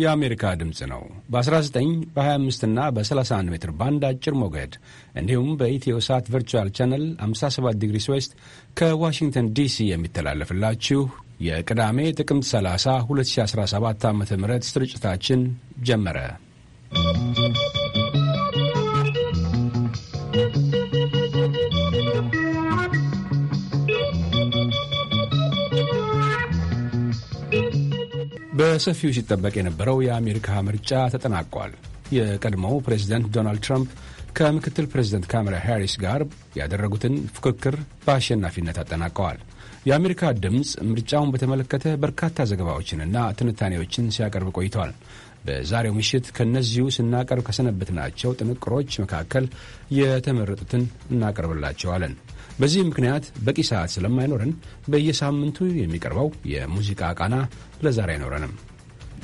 የአሜሪካ ድምፅ ነው። በ19 በ25 እና በ31 ሜትር ባንድ አጭር ሞገድ እንዲሁም በኢትዮ ሳት ቨርቹዋል ቻነል 57 ዲግሪ ስዌስት ከዋሽንግተን ዲሲ የሚተላለፍላችሁ የቅዳሜ ጥቅምት 30 2017 ዓ ም ስርጭታችን ጀመረ። በሰፊው ሲጠበቅ የነበረው የአሜሪካ ምርጫ ተጠናቋል። የቀድሞው ፕሬዚደንት ዶናልድ ትራምፕ ከምክትል ፕሬዚደንት ካማላ ሃሪስ ጋር ያደረጉትን ፉክክር በአሸናፊነት አጠናቀዋል። የአሜሪካ ድምፅ ምርጫውን በተመለከተ በርካታ ዘገባዎችንና ትንታኔዎችን ሲያቀርብ ቆይቷል። በዛሬው ምሽት ከእነዚሁ ስናቀርብ ከሰነበትናቸው ናቸው ጥንቅሮች መካከል የተመረጡትን እናቀርብላቸዋለን። በዚህ ምክንያት በቂ ሰዓት ስለማይኖረን በየሳምንቱ የሚቀርበው የሙዚቃ ቃና ለዛሬ አይኖረንም።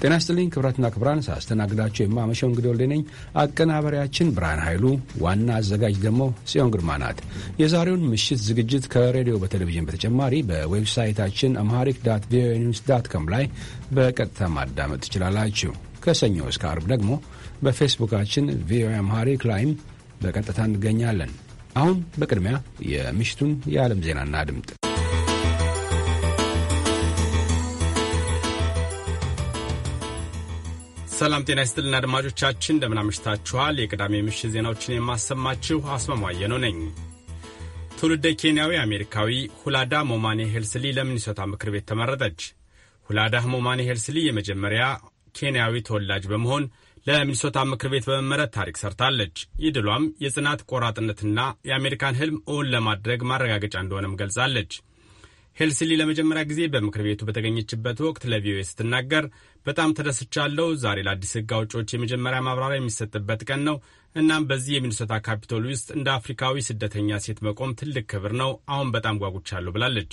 ጤና ስጥልኝ ክብራትና ክብራን፣ ሳስተናግዳቸው የማመሸው እንግዲህ ወልዴ ነኝ። አቀናበሪያችን ብርሃን ኃይሉ፣ ዋና አዘጋጅ ደግሞ ጽዮን ግርማ ናት። የዛሬውን ምሽት ዝግጅት ከሬዲዮ በቴሌቪዥን በተጨማሪ በዌብሳይታችን አምሃሪክ ዳት ቪኦኤ ኒውስ ዳት ኮም ላይ በቀጥታ ማዳመጥ ትችላላችሁ። ከሰኞ እስከ አርብ ደግሞ በፌስቡካችን ቪኦኤ አምሃሪክ ላይም በቀጥታ እንገኛለን። አሁን በቅድሚያ የምሽቱን የዓለም ዜናና ድምጥ ሰላም ጤና ይስጥልን አድማጮቻችን፣ እንደምናምሽታችኋል። የቅዳሜ ምሽት ዜናዎችን የማሰማችሁ አስማማየ ነው ነኝ። ትውልደ ኬንያዊ አሜሪካዊ ሁላዳ ሞማኔ ሄልስሊ ለሚኒሶታ ምክር ቤት ተመረጠች። ሁላዳ ሞማኔ ሄልስሊ የመጀመሪያ ኬንያዊ ተወላጅ በመሆን ለሚኒሶታ ምክር ቤት በመመረጥ ታሪክ ሰርታለች። ይህ ድሏም የጽናት ቆራጥነትና የአሜሪካን ህልም እውን ለማድረግ ማረጋገጫ እንደሆነም ገልጻለች። ሄልስሊ ለመጀመሪያ ጊዜ በምክር ቤቱ በተገኘችበት ወቅት ለቪኦኤ ስትናገር በጣም ተደስቻለሁ። ዛሬ ለአዲስ ህግ አውጪዎች የመጀመሪያ ማብራሪያ የሚሰጥበት ቀን ነው። እናም በዚህ የሚኒሶታ ካፒቶል ውስጥ እንደ አፍሪካዊ ስደተኛ ሴት መቆም ትልቅ ክብር ነው። አሁን በጣም ጓጉቻለሁ ብላለች።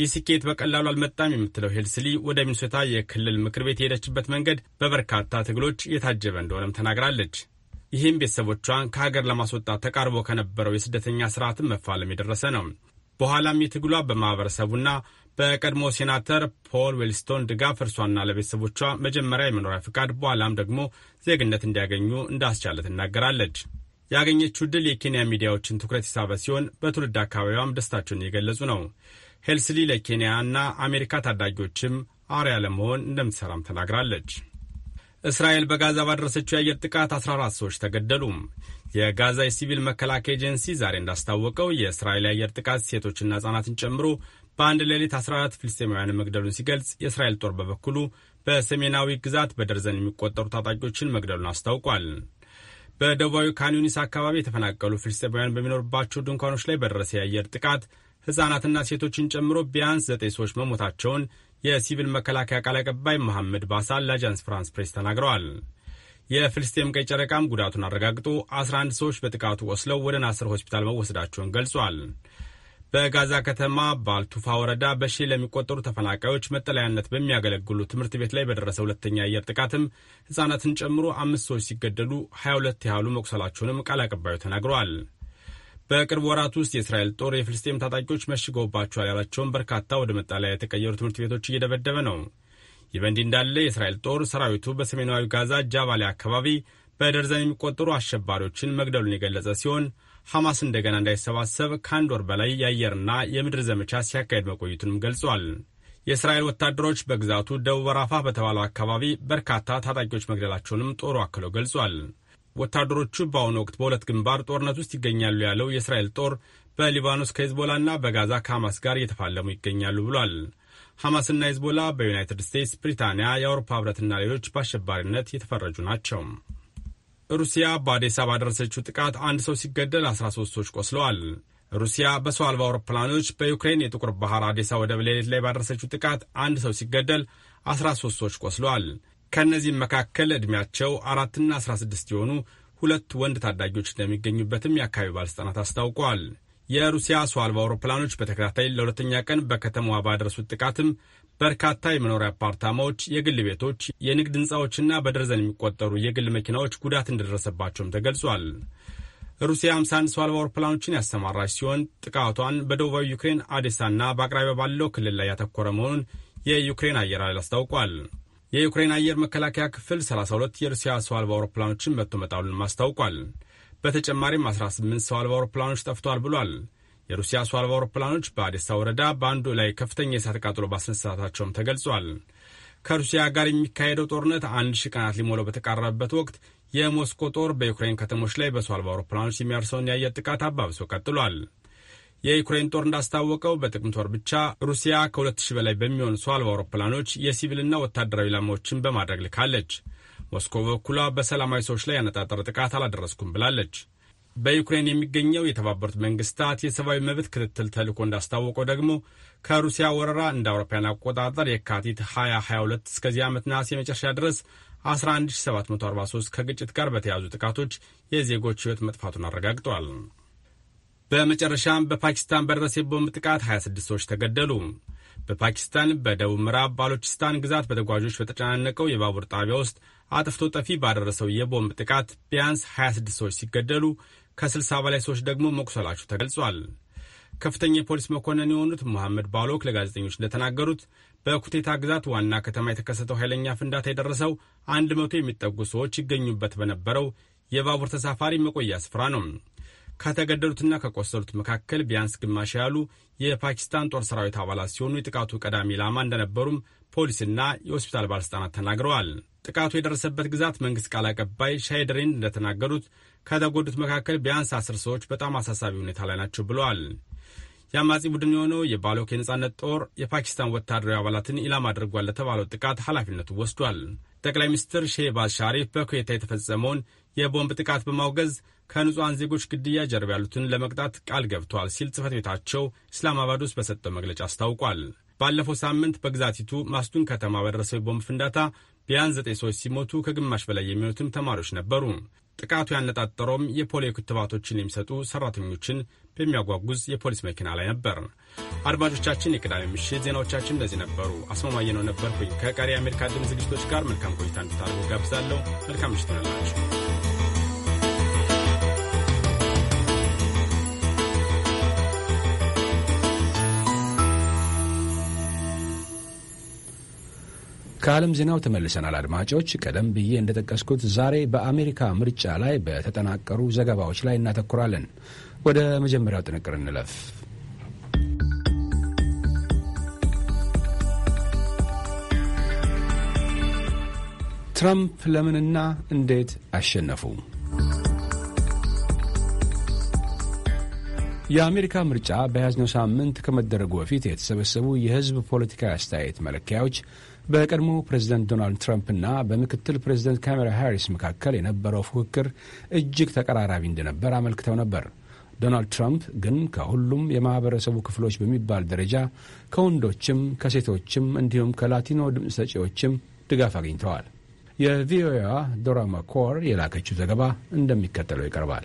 ይህ ስኬት በቀላሉ አልመጣም የምትለው ሄልስሊ ወደ ሚኒሶታ የክልል ምክር ቤት የሄደችበት መንገድ በበርካታ ትግሎች የታጀበ እንደሆነም ተናግራለች። ይህም ቤተሰቦቿን ከሀገር ለማስወጣት ተቃርቦ ከነበረው የስደተኛ ስርዓትን መፋለም የደረሰ ነው። በኋላም የትግሏ በማኅበረሰቡና በቀድሞ ሴናተር ፖል ዌልስቶን ድጋፍ እርሷና ለቤተሰቦቿ መጀመሪያ የመኖሪያ ፍቃድ በኋላም ደግሞ ዜግነት እንዲያገኙ እንዳስቻለ ትናገራለች። ያገኘችው ድል የኬንያ ሚዲያዎችን ትኩረት የሳበ ሲሆን በትውልድ አካባቢዋም ደስታቸውን እየገለጹ ነው። ሄልስሊ ለኬንያ እና አሜሪካ ታዳጊዎችም አርያ ለመሆን እንደምትሰራም ተናግራለች። እስራኤል በጋዛ ባደረሰችው የአየር ጥቃት 14 ሰዎች ተገደሉም። የጋዛ የሲቪል መከላከያ ኤጀንሲ ዛሬ እንዳስታወቀው የእስራኤል የአየር ጥቃት ሴቶችና ሕጻናትን ጨምሮ በአንድ ሌሊት 14 ፍልስጤማውያን መግደሉን ሲገልጽ የእስራኤል ጦር በበኩሉ በሰሜናዊ ግዛት በደርዘን የሚቆጠሩ ታጣቂዎችን መግደሉን አስታውቋል። በደቡባዊ ካንዩኒስ አካባቢ የተፈናቀሉ ፍልስጤማውያን በሚኖርባቸው ድንኳኖች ላይ በደረሰ የአየር ጥቃት ሕፃናትና ሴቶችን ጨምሮ ቢያንስ ዘጠኝ ሰዎች መሞታቸውን የሲቪል መከላከያ ቃል አቀባይ መሐመድ ባሳ ለአጃንስ ፍራንስ ፕሬስ ተናግረዋል። የፍልስጤም ቀይ ጨረቃም ጉዳቱን አረጋግጦ 11 ሰዎች በጥቃቱ ወስለው ወደ ናስር ሆስፒታል መወሰዳቸውን ገልጿል። በጋዛ ከተማ ባልቱፋ ወረዳ በሺ ለሚቆጠሩ ተፈናቃዮች መጠለያነት በሚያገለግሉ ትምህርት ቤት ላይ በደረሰ ሁለተኛ የአየር ጥቃትም ሕፃናትን ጨምሮ አምስት ሰዎች ሲገደሉ 22 ያህሉ መቁሰላቸውንም ቃል አቀባዩ ተናግረዋል። በቅርብ ወራት ውስጥ የእስራኤል ጦር የፍልስጤም ታጣቂዎች መሽገውባቸዋል ያላቸውን በርካታ ወደ መጠለያ የተቀየሩ ትምህርት ቤቶች እየደበደበ ነው። ይህ በእንዲህ እንዳለ የእስራኤል ጦር ሰራዊቱ በሰሜናዊ ጋዛ ጃባሌ አካባቢ በደርዘን የሚቆጠሩ አሸባሪዎችን መግደሉን የገለጸ ሲሆን ሐማስ እንደገና እንዳይሰባሰብ ከአንድ ወር በላይ የአየርና የምድር ዘመቻ ሲያካሄድ መቆየቱንም ገልጿል። የእስራኤል ወታደሮች በግዛቱ ደቡብ ራፋ በተባለው አካባቢ በርካታ ታጣቂዎች መግደላቸውንም ጦሩ አክለው ገልጿል። ወታደሮቹ በአሁኑ ወቅት በሁለት ግንባር ጦርነት ውስጥ ይገኛሉ ያለው የእስራኤል ጦር በሊባኖስ ከሂዝቦላና በጋዛ ከሐማስ ጋር እየተፋለሙ ይገኛሉ ብሏል። ሐማስና ሂዝቦላ በዩናይትድ ስቴትስ፣ ብሪታንያ፣ የአውሮፓ ህብረትና ሌሎች በአሸባሪነት የተፈረጁ ናቸው። ሩሲያ በአዴሳ ባደረሰችው ጥቃት አንድ ሰው ሲገደል 13 ሰዎች ቆስለዋል። ሩሲያ በሰው አልባ አውሮፕላኖች በዩክሬን የጥቁር ባህር አዴሳ ወደብ ሌሊት ላይ ባደረሰችው ጥቃት አንድ ሰው ሲገደል 13 ሰዎች ቆስለዋል። ከእነዚህም መካከል ዕድሜያቸው አራትና አስራ ስድስት የሆኑ ሁለት ወንድ ታዳጊዎች እንደሚገኙበትም የአካባቢ ባለሥልጣናት አስታውቀዋል። የሩሲያ ሰው አልባ አውሮፕላኖች በተከታታይ ለሁለተኛ ቀን በከተማዋ ባደረሱት ጥቃትም በርካታ የመኖሪያ አፓርታማዎች፣ የግል ቤቶች፣ የንግድ ሕንፃዎችና በደርዘን የሚቆጠሩ የግል መኪናዎች ጉዳት እንደደረሰባቸውም ተገልጿል። ሩሲያ 51 ሰው አልባ አውሮፕላኖችን ያሰማራች ሲሆን ጥቃቷን በደቡባዊ ዩክሬን አዴሳና በአቅራቢያ ባለው ክልል ላይ ያተኮረ መሆኑን የዩክሬን አየር ኃይል አስታውቋል። የዩክሬን አየር መከላከያ ክፍል 32 የሩሲያ ሰው አልባ አውሮፕላኖችን መጥቶ መጣሉንም አስታውቋል። በተጨማሪም 18 ሰው አልባ አውሮፕላኖች ጠፍቷል ብሏል። የሩሲያ ሰው አልባ አውሮፕላኖች በአዴሳ ወረዳ በአንዱ ላይ ከፍተኛ የእሳት ቃጠሎ ማስነሳታቸውም ተገልጿል። ከሩሲያ ጋር የሚካሄደው ጦርነት አንድ ሺህ ቀናት ሊሞላው በተቃረበበት ወቅት የሞስኮ ጦር በዩክሬን ከተሞች ላይ በሰው አልባ አውሮፕላኖች የሚያርሰውን የአየር ጥቃት አባብሶ ቀጥሏል። የዩክሬን ጦር እንዳስታወቀው በጥቅምት ወር ብቻ ሩሲያ ከ2000 በላይ በሚሆኑ ሰው አልባ አውሮፕላኖች የሲቪልና ወታደራዊ ኢላማዎችን በማድረግ ልካለች። ሞስኮ በበኩሏ በሰላማዊ ሰዎች ላይ ያነጣጠረ ጥቃት አላደረስኩም ብላለች። በዩክሬን የሚገኘው የተባበሩት መንግስታት የሰብአዊ መብት ክትትል ተልእኮ እንዳስታወቀው ደግሞ ከሩሲያ ወረራ እንደ አውሮፓውያን አቆጣጠር የካቲት 2022 እስከዚህ ዓመት ነሐሴ የመጨረሻ ድረስ 11743 ከግጭት ጋር በተያያዙ ጥቃቶች የዜጎች ሕይወት መጥፋቱን አረጋግጠዋል። በመጨረሻም በፓኪስታን በደረሰ የቦምብ ጥቃት 26 ሰዎች ተገደሉ። በፓኪስታን በደቡብ ምዕራብ ባሎቺስታን ግዛት በተጓዦች በተጨናነቀው የባቡር ጣቢያ ውስጥ አጥፍቶ ጠፊ ባደረሰው የቦምብ ጥቃት ቢያንስ 26 ሰዎች ሲገደሉ ከ60 በላይ ሰዎች ደግሞ መቁሰላቸው ተገልጿል። ከፍተኛ የፖሊስ መኮንን የሆኑት መሐመድ ባሎክ ለጋዜጠኞች እንደተናገሩት በኩቴታ ግዛት ዋና ከተማ የተከሰተው ኃይለኛ ፍንዳታ የደረሰው አንድ መቶ የሚጠጉ ሰዎች ይገኙበት በነበረው የባቡር ተሳፋሪ መቆያ ስፍራ ነው። ከተገደሉትና ከቆሰሉት መካከል ቢያንስ ግማሽ ያሉ የፓኪስታን ጦር ሰራዊት አባላት ሲሆኑ የጥቃቱ ቀዳሚ ኢላማ እንደነበሩም ፖሊስና የሆስፒታል ባለሥልጣናት ተናግረዋል። ጥቃቱ የደረሰበት ግዛት መንግሥት ቃል አቀባይ ሻይደሪን እንደተናገሩት ከተጎዱት መካከል ቢያንስ አስር ሰዎች በጣም አሳሳቢ ሁኔታ ላይ ናቸው ብለዋል። የአማጺ ቡድን የሆነው የባሎክ የነጻነት ጦር የፓኪስታን ወታደራዊ አባላትን ኢላማ አድርጓል ለተባለው ጥቃት ኃላፊነቱ ወስዷል። ጠቅላይ ሚኒስትር ሼህባዝ ሻሪፍ በኩዌታ የተፈጸመውን የቦምብ ጥቃት በማውገዝ ከንጹሐን ዜጎች ግድያ ጀርባ ያሉትን ለመቅጣት ቃል ገብቷል ሲል ጽህፈት ቤታቸው እስላማባድ ውስጥ በሰጠው መግለጫ አስታውቋል። ባለፈው ሳምንት በግዛቲቱ ማስቱን ከተማ በደረሰው የቦምብ ፍንዳታ ቢያንስ ዘጠኝ ሰዎች ሲሞቱ ከግማሽ በላይ የሚሆኑትም ተማሪዎች ነበሩ። ጥቃቱ ያነጣጠረውም የፖሊዮ ክትባቶችን የሚሰጡ ሰራተኞችን በሚያጓጉዝ የፖሊስ መኪና ላይ ነበር። አድማጮቻችን፣ የቅዳሜ ምሽት ዜናዎቻችን እንደዚህ ነበሩ። አስማማየ ነው ነበርኩኝ። ከቀሪ የአሜሪካ ድምፅ ዝግጅቶች ጋር መልካም ቆይታ እንድታደርጉ ጋብዛለሁ። መልካም ምሽት ነላችሁ። ከዓለም ዜናው ተመልሰናል አድማጮች። ቀደም ብዬ እንደጠቀስኩት ዛሬ በአሜሪካ ምርጫ ላይ በተጠናቀሩ ዘገባዎች ላይ እናተኩራለን። ወደ መጀመሪያው ጥንቅር እንለፍ። ትራምፕ ለምንና እንዴት አሸነፉ? የአሜሪካ ምርጫ በያዝነው ሳምንት ከመደረጉ በፊት የተሰበሰቡ የሕዝብ ፖለቲካዊ አስተያየት መለኪያዎች በቀድሞ ፕሬዚደንት ዶናልድ ትራምፕና በምክትል ፕሬዚደንት ካሜራ ሃሪስ መካከል የነበረው ፉክክር እጅግ ተቀራራቢ እንደነበር አመልክተው ነበር። ዶናልድ ትራምፕ ግን ከሁሉም የማህበረሰቡ ክፍሎች በሚባል ደረጃ ከወንዶችም ከሴቶችም እንዲሁም ከላቲኖ ድምፅ ሰጪዎችም ድጋፍ አግኝተዋል። የቪኦኤዋ ዶራ መኮር የላከችው ዘገባ እንደሚከተለው ይቀርባል።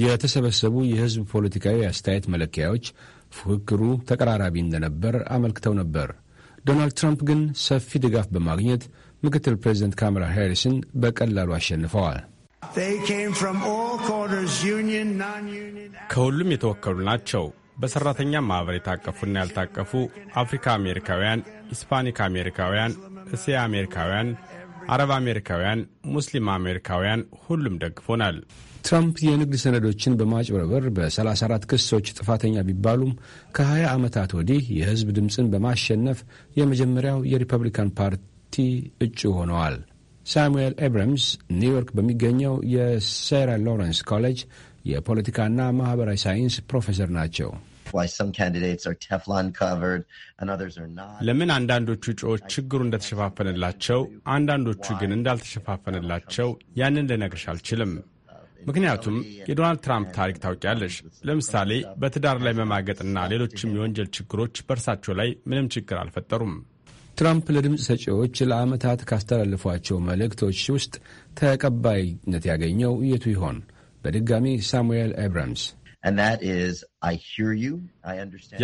የተሰበሰቡ የህዝብ ፖለቲካዊ አስተያየት መለኪያዎች ፉክክሩ ተቀራራቢ እንደነበር አመልክተው ነበር። ዶናልድ ትራምፕ ግን ሰፊ ድጋፍ በማግኘት ምክትል ፕሬዚደንት ካማላ ሃሪስን በቀላሉ አሸንፈዋል። ከሁሉም የተወከሉ ናቸው። በሠራተኛ ማኅበር የታቀፉና ያልታቀፉ፣ አፍሪካ አሜሪካውያን፣ ሂስፓኒክ አሜሪካውያን፣ እስያ አሜሪካውያን፣ አረብ አሜሪካውያን፣ ሙስሊም አሜሪካውያን ሁሉም ደግፎናል። ትራምፕ የንግድ ሰነዶችን በማጭበርበር በ34 ክሶች ጥፋተኛ ቢባሉም ከ20 ዓመታት ወዲህ የህዝብ ድምፅን በማሸነፍ የመጀመሪያው የሪፐብሊካን ፓርቲ እጩ ሆነዋል። ሳሙኤል ኤብረምስ ኒውዮርክ በሚገኘው የሴራ ሎረንስ ኮሌጅ የፖለቲካና ማህበራዊ ሳይንስ ፕሮፌሰር ናቸው። ለምን አንዳንዶቹ እጩዎች ችግሩ እንደተሸፋፈነላቸው፣ አንዳንዶቹ ግን እንዳልተሸፋፈነላቸው ያንን ልነግርሽ አልችልም። ምክንያቱም የዶናልድ ትራምፕ ታሪክ ታውቂያለሽ። ለምሳሌ በትዳር ላይ መማገጥና ሌሎችም የወንጀል ችግሮች በእርሳቸው ላይ ምንም ችግር አልፈጠሩም። ትራምፕ ለድምፅ ሰጪዎች ለዓመታት ካስተላልፏቸው መልእክቶች ውስጥ ተቀባይነት ያገኘው የቱ ይሆን? በድጋሚ ሳሙኤል አብራምስ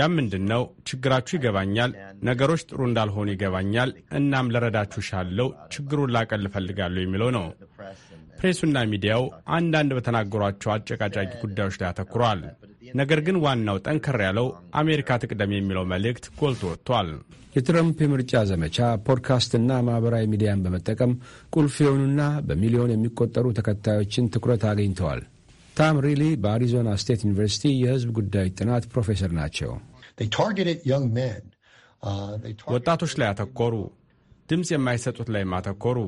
ያ ምንድን ነው? ችግራችሁ ይገባኛል። ነገሮች ጥሩ እንዳልሆኑ ይገባኛል። እናም ልረዳችሁ ሻለው ችግሩን ላቀል እፈልጋለሁ የሚለው ነው። ፕሬሱና ሚዲያው አንዳንድ በተናገሯቸው አጨቃጫቂ ጉዳዮች ላይ አተኩሯል። ነገር ግን ዋናው ጠንከር ያለው አሜሪካ ትቅደም የሚለው መልእክት ጎልቶ ወጥቷል። የትረምፕ የምርጫ ዘመቻ ፖድካስትና ማኅበራዊ ሚዲያን በመጠቀም ቁልፍ የሆኑና በሚሊዮን የሚቆጠሩ ተከታዮችን ትኩረት አግኝተዋል። ታም ሪሊ በአሪዞና ስቴት ዩኒቨርሲቲ የሕዝብ ጉዳዮች ጥናት ፕሮፌሰር ናቸው። uh, ወጣቶች ላይ አተኮሩ፣ ድምፅ የማይሰጡት ላይ ማተኮሩ፣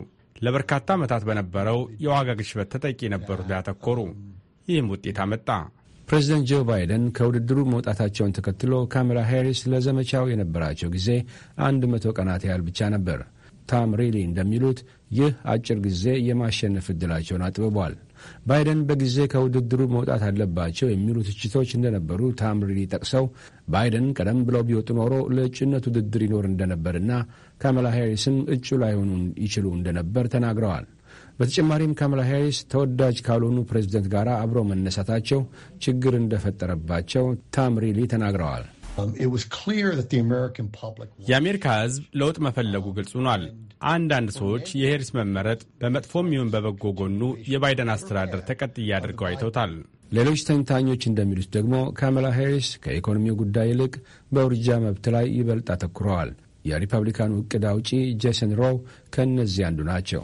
ለበርካታ ዓመታት በነበረው የዋጋ ግሽበት ተጠቂ የነበሩት ላይ አተኮሩ። ይህም ውጤት አመጣ። ፕሬዚደንት ጆ ባይደን ከውድድሩ መውጣታቸውን ተከትሎ ካሜላ ሄሪስ ለዘመቻው የነበራቸው ጊዜ አንድ መቶ ቀናት ያህል ብቻ ነበር። ታም ሪሊ እንደሚሉት ይህ አጭር ጊዜ የማሸነፍ ዕድላቸውን አጥብቧል። ባይደን በጊዜ ከውድድሩ መውጣት አለባቸው የሚሉ ትችቶች እንደነበሩ ታምሪሪ ጠቅሰው ባይደን ቀደም ብለው ቢወጡ ኖሮ ለእጩነት ውድድር ይኖር እንደነበርና ካማላ ሃሪስም እጩ ላይሆኑ ይችሉ እንደነበር ተናግረዋል። በተጨማሪም ካማላ ሃሪስ ተወዳጅ ካልሆኑ ፕሬዝደንት ጋር አብረው መነሳታቸው ችግር እንደፈጠረባቸው ታምሪሊ ተናግረዋል። Um, የአሜሪካ ሕዝብ ለውጥ መፈለጉ ግልጽ ሆኗል። አንዳንድ ሰዎች የሄሪስ መመረጥ በመጥፎም ይሁን በበጎ ጎኑ የባይደን አስተዳደር ተቀጥያ አድርገው አይተውታል። ሌሎች ተንታኞች እንደሚሉት ደግሞ ካመላ ሄሪስ ከኢኮኖሚው ጉዳይ ይልቅ በውርጃ መብት ላይ ይበልጥ አተኩረዋል። የሪፐብሊካኑ እቅድ አውጪ ጄሰን ሮው ከእነዚህ አንዱ ናቸው።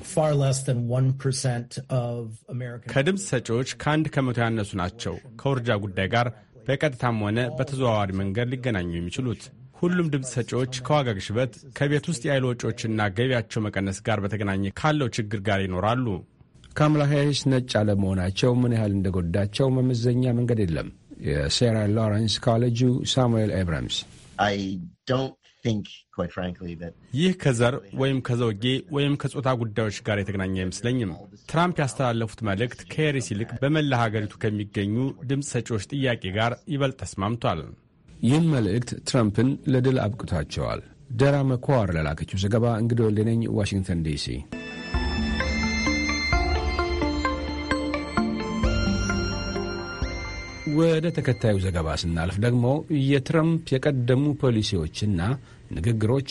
ከድምፅ ሰጪዎች ከአንድ ከመቶ ያነሱ ናቸው ከውርጃ ጉዳይ ጋር በቀጥታም ሆነ በተዘዋዋሪ መንገድ ሊገናኙ የሚችሉት። ሁሉም ድምፅ ሰጪዎች ከዋጋ ግሽበት፣ ከቤት ውስጥ የኃይል ወጪዎችና ገቢያቸው መቀነስ ጋር በተገናኘ ካለው ችግር ጋር ይኖራሉ። ካማላ ሃሪስ ነጭ አለመሆናቸው ምን ያህል እንደጎዳቸው መመዘኛ መንገድ የለም። የሴራ ሎረንስ ኮሌጁ ሳሙኤል ኤብራምስ ይህ ከዘር ወይም ከዘውጌ ወይም ከጾታ ጉዳዮች ጋር የተገናኘ አይመስለኝም። ትራምፕ ያስተላለፉት መልእክት ከሄሪስ ይልቅ በመላ ሀገሪቱ ከሚገኙ ድምፅ ሰጪዎች ጥያቄ ጋር ይበልጥ ተስማምቷል። ይህም መልእክት ትራምፕን ለድል አብቅቷቸዋል። ደራ መኳር ለላከችው ዘገባ እንግዲህ ወልደነኝ ዋሽንግተን ዲሲ። ወደ ተከታዩ ዘገባ ስናልፍ ደግሞ የትራምፕ የቀደሙ ፖሊሲዎችና ንግግሮች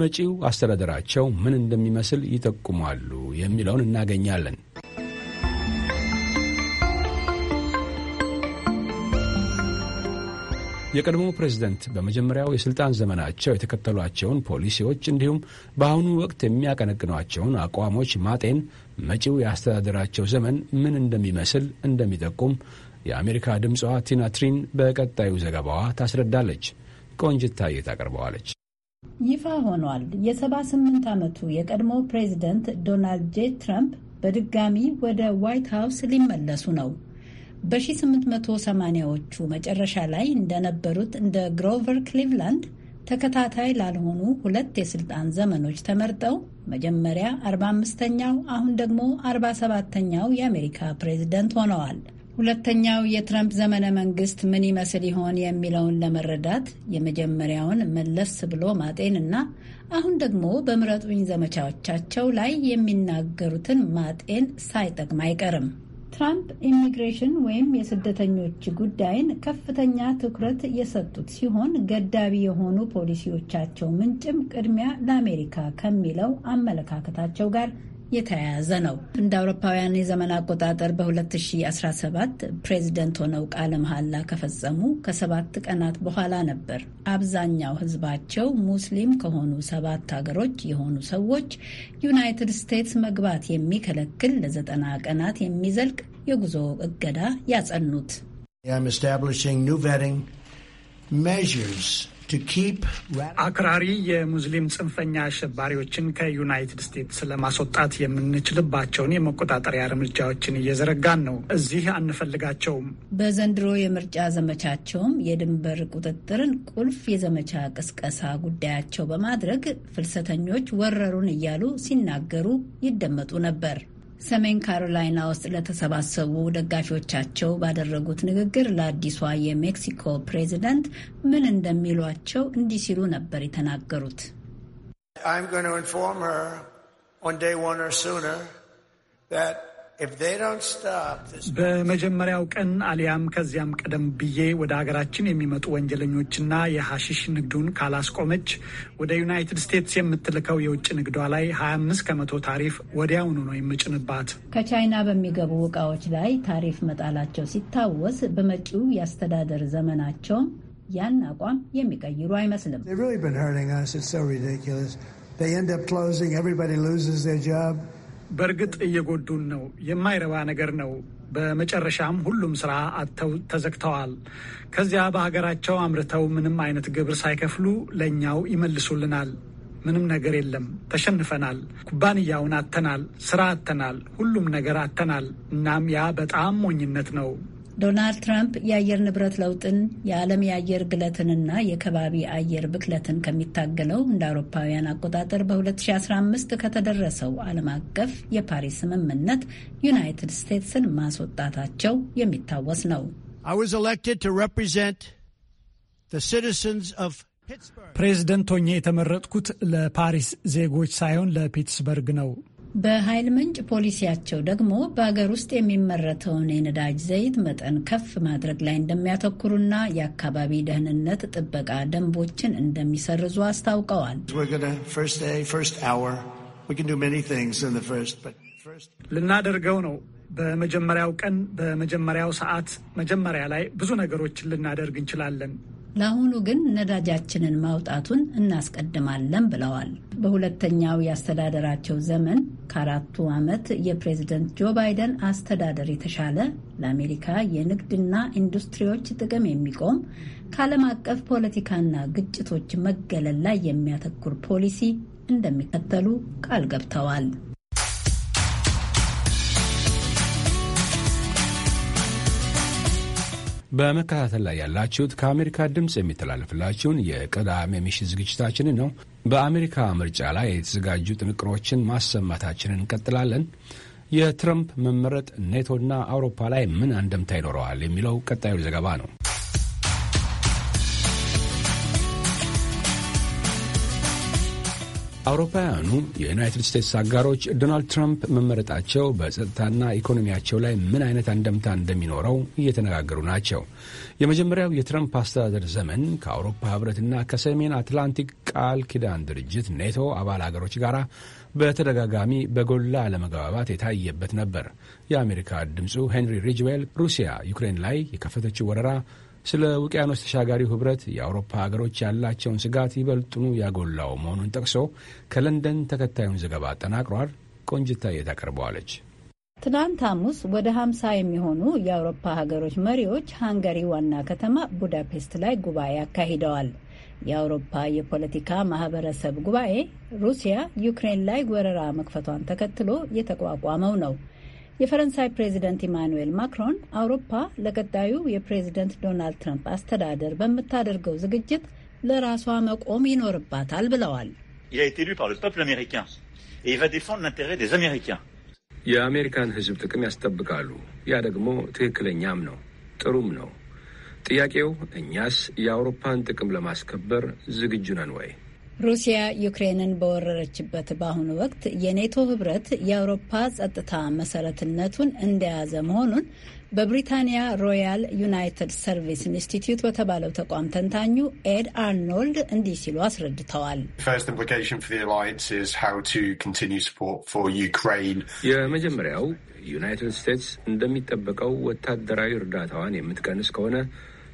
መጪው አስተዳደራቸው ምን እንደሚመስል ይጠቁማሉ የሚለውን እናገኛለን። የቀድሞ ፕሬዝደንት በመጀመሪያው የሥልጣን ዘመናቸው የተከተሏቸውን ፖሊሲዎች እንዲሁም በአሁኑ ወቅት የሚያቀነቅኗቸውን አቋሞች ማጤን መጪው የአስተዳደራቸው ዘመን ምን እንደሚመስል እንደሚጠቁም የአሜሪካ ድምጿ ቲና ትሪን በቀጣዩ ዘገባዋ ታስረዳለች። ቆንጅት ታዬ ታቀርበዋለች። ይፋ ሆኗል። የ78 ዓመቱ የቀድሞ ፕሬዚደንት ዶናልድ ጄ ትራምፕ በድጋሚ ወደ ዋይት ሀውስ ሊመለሱ ነው። በ1880ዎቹ መጨረሻ ላይ እንደነበሩት እንደ ግሮቨር ክሊቭላንድ ተከታታይ ላልሆኑ ሁለት የስልጣን ዘመኖች ተመርጠው መጀመሪያ 45ኛው አሁን ደግሞ 47ኛው የአሜሪካ ፕሬዝደንት ሆነዋል። ሁለተኛው የትረምፕ ዘመነ መንግስት ምን ይመስል ይሆን የሚለውን ለመረዳት የመጀመሪያውን መለስ ብሎ ማጤን እና አሁን ደግሞ በምረጡኝ ዘመቻዎቻቸው ላይ የሚናገሩትን ማጤን ሳይጠቅም አይቀርም። ትራምፕ ኢሚግሬሽን ወይም የስደተኞች ጉዳይን ከፍተኛ ትኩረት የሰጡት ሲሆን ገዳቢ የሆኑ ፖሊሲዎቻቸው ምንጭም ቅድሚያ ለአሜሪካ ከሚለው አመለካከታቸው ጋር የተያያዘ ነው። እንደ አውሮፓውያን የዘመን አቆጣጠር በ2017 ፕሬዚደንት ሆነው ቃለ መሐላ ከፈጸሙ ከሰባት ቀናት በኋላ ነበር አብዛኛው ሕዝባቸው ሙስሊም ከሆኑ ሰባት ሀገሮች የሆኑ ሰዎች ዩናይትድ ስቴትስ መግባት የሚከለክል ለዘጠና ቀናት የሚዘልቅ የጉዞ እገዳ ያጸኑት። አክራሪ የሙስሊም ጽንፈኛ አሸባሪዎችን ከዩናይትድ ስቴትስ ለማስወጣት የምንችልባቸውን የመቆጣጠሪያ እርምጃዎችን እየዘረጋን ነው። እዚህ አንፈልጋቸውም። በዘንድሮ የምርጫ ዘመቻቸውም የድንበር ቁጥጥርን ቁልፍ የዘመቻ ቅስቀሳ ጉዳያቸው በማድረግ ፍልሰተኞች ወረሩን እያሉ ሲናገሩ ይደመጡ ነበር። ሰሜን ካሮላይና ውስጥ ለተሰባሰቡ ደጋፊዎቻቸው ባደረጉት ንግግር ለአዲሷ የሜክሲኮ ፕሬዚደንት ምን እንደሚሏቸው እንዲህ ሲሉ ነበር የተናገሩት። I'm going to inform her on day one or sooner that በመጀመሪያው ቀን አሊያም ከዚያም ቀደም ብዬ ወደ ሀገራችን የሚመጡ ወንጀለኞችና የሐሽሽ ንግዱን ካላስቆመች ወደ ዩናይትድ ስቴትስ የምትልከው የውጭ ንግዷ ላይ 25 ከመቶ ታሪፍ ወዲያውኑ ነው የምጭንባት። ከቻይና በሚገቡ እቃዎች ላይ ታሪፍ መጣላቸው ሲታወስ በመጪው የአስተዳደር ዘመናቸውም ያን አቋም የሚቀይሩ አይመስልም። በእርግጥ እየጎዱን ነው። የማይረባ ነገር ነው። በመጨረሻም ሁሉም ስራ አጥተው ተዘግተዋል። ከዚያ በሀገራቸው አምርተው ምንም አይነት ግብር ሳይከፍሉ ለእኛው ይመልሱልናል። ምንም ነገር የለም። ተሸንፈናል። ኩባንያውን አተናል። ስራ አተናል። ሁሉም ነገር አተናል። እናም ያ በጣም ሞኝነት ነው። ዶናልድ ትራምፕ የአየር ንብረት ለውጥን የዓለም የአየር ግለትንና የከባቢ አየር ብክለትን ከሚታገለው እንደ አውሮፓውያን አቆጣጠር በ2015 ከተደረሰው ዓለም አቀፍ የፓሪስ ስምምነት ዩናይትድ ስቴትስን ማስወጣታቸው የሚታወስ ነው። ፕሬዝደንት ሆኜ የተመረጥኩት ለፓሪስ ዜጎች ሳይሆን ለፒትስበርግ ነው። በኃይል ምንጭ ፖሊሲያቸው ደግሞ በሀገር ውስጥ የሚመረተውን የነዳጅ ዘይት መጠን ከፍ ማድረግ ላይ እንደሚያተኩሩና የአካባቢ ደህንነት ጥበቃ ደንቦችን እንደሚሰርዙ አስታውቀዋል። ልናደርገው ነው። በመጀመሪያው ቀን፣ በመጀመሪያው ሰዓት፣ መጀመሪያ ላይ ብዙ ነገሮችን ልናደርግ እንችላለን። ለአሁኑ ግን ነዳጃችንን ማውጣቱን እናስቀድማለን ብለዋል። በሁለተኛው የአስተዳደራቸው ዘመን ከአራቱ ዓመት የፕሬዝደንት ጆ ባይደን አስተዳደር የተሻለ ለአሜሪካ የንግድና ኢንዱስትሪዎች ጥቅም የሚቆም ከዓለም አቀፍ ፖለቲካና ግጭቶች መገለል ላይ የሚያተኩር ፖሊሲ እንደሚከተሉ ቃል ገብተዋል። በመከታተል ላይ ያላችሁት ከአሜሪካ ድምፅ የሚተላለፍላችሁን የቅዳሜ ምሽት ዝግጅታችንን ነው። በአሜሪካ ምርጫ ላይ የተዘጋጁ ጥንቅሮችን ማሰማታችንን እንቀጥላለን። የትረምፕ መመረጥ ኔቶና አውሮፓ ላይ ምን አንደምታ ይኖረዋል የሚለው ቀጣዩ ዘገባ ነው። አውሮፓውያኑ የዩናይትድ ስቴትስ አጋሮች ዶናልድ ትራምፕ መመረጣቸው በጸጥታና ኢኮኖሚያቸው ላይ ምን አይነት አንደምታ እንደሚኖረው እየተነጋገሩ ናቸው። የመጀመሪያው የትራምፕ አስተዳደር ዘመን ከአውሮፓ ህብረትና ከሰሜን አትላንቲክ ቃል ኪዳን ድርጅት ኔቶ አባል አገሮች ጋር በተደጋጋሚ በጎላ አለመግባባት የታየበት ነበር። የአሜሪካ ድምፁ ሄንሪ ሪጅዌል ሩሲያ ዩክሬን ላይ የከፈተችው ወረራ ስለ ውቅያኖስ ተሻጋሪው ህብረት የአውሮፓ ሀገሮች ያላቸውን ስጋት ይበልጥኑ ያጎላው መሆኑን ጠቅሶ ከለንደን ተከታዩን ዘገባ አጠናቅሯል። ቆንጅታዬ ታቀርበዋለች። ትናንት ሐሙስ ወደ ሀምሳ የሚሆኑ የአውሮፓ ሀገሮች መሪዎች ሃንጋሪ ዋና ከተማ ቡዳፔስት ላይ ጉባኤ አካሂደዋል። የአውሮፓ የፖለቲካ ማህበረሰብ ጉባኤ ሩሲያ ዩክሬን ላይ ወረራ መክፈቷን ተከትሎ የተቋቋመው ነው። የፈረንሳይ ፕሬዚደንት ኢማኑዌል ማክሮን አውሮፓ ለቀጣዩ የፕሬዚደንት ዶናልድ ትራምፕ አስተዳደር በምታደርገው ዝግጅት ለራሷ መቆም ይኖርባታል ብለዋል። የአሜሪካን ሕዝብ ጥቅም ያስጠብቃሉ። ያ ደግሞ ትክክለኛም ነው፣ ጥሩም ነው። ጥያቄው እኛስ የአውሮፓን ጥቅም ለማስከበር ዝግጁ ነን ወይ? ሩሲያ ዩክሬንን በወረረችበት በአሁኑ ወቅት የኔቶ ህብረት የአውሮፓ ጸጥታ መሰረትነቱን እንደያዘ መሆኑን በብሪታንያ ሮያል ዩናይትድ ሰርቪስ ኢንስቲትዩት በተባለው ተቋም ተንታኙ ኤድ አርኖልድ እንዲህ ሲሉ አስረድተዋል። የመጀመሪያው ዩናይትድ ስቴትስ እንደሚጠበቀው ወታደራዊ እርዳታዋን የምትቀንስ ከሆነ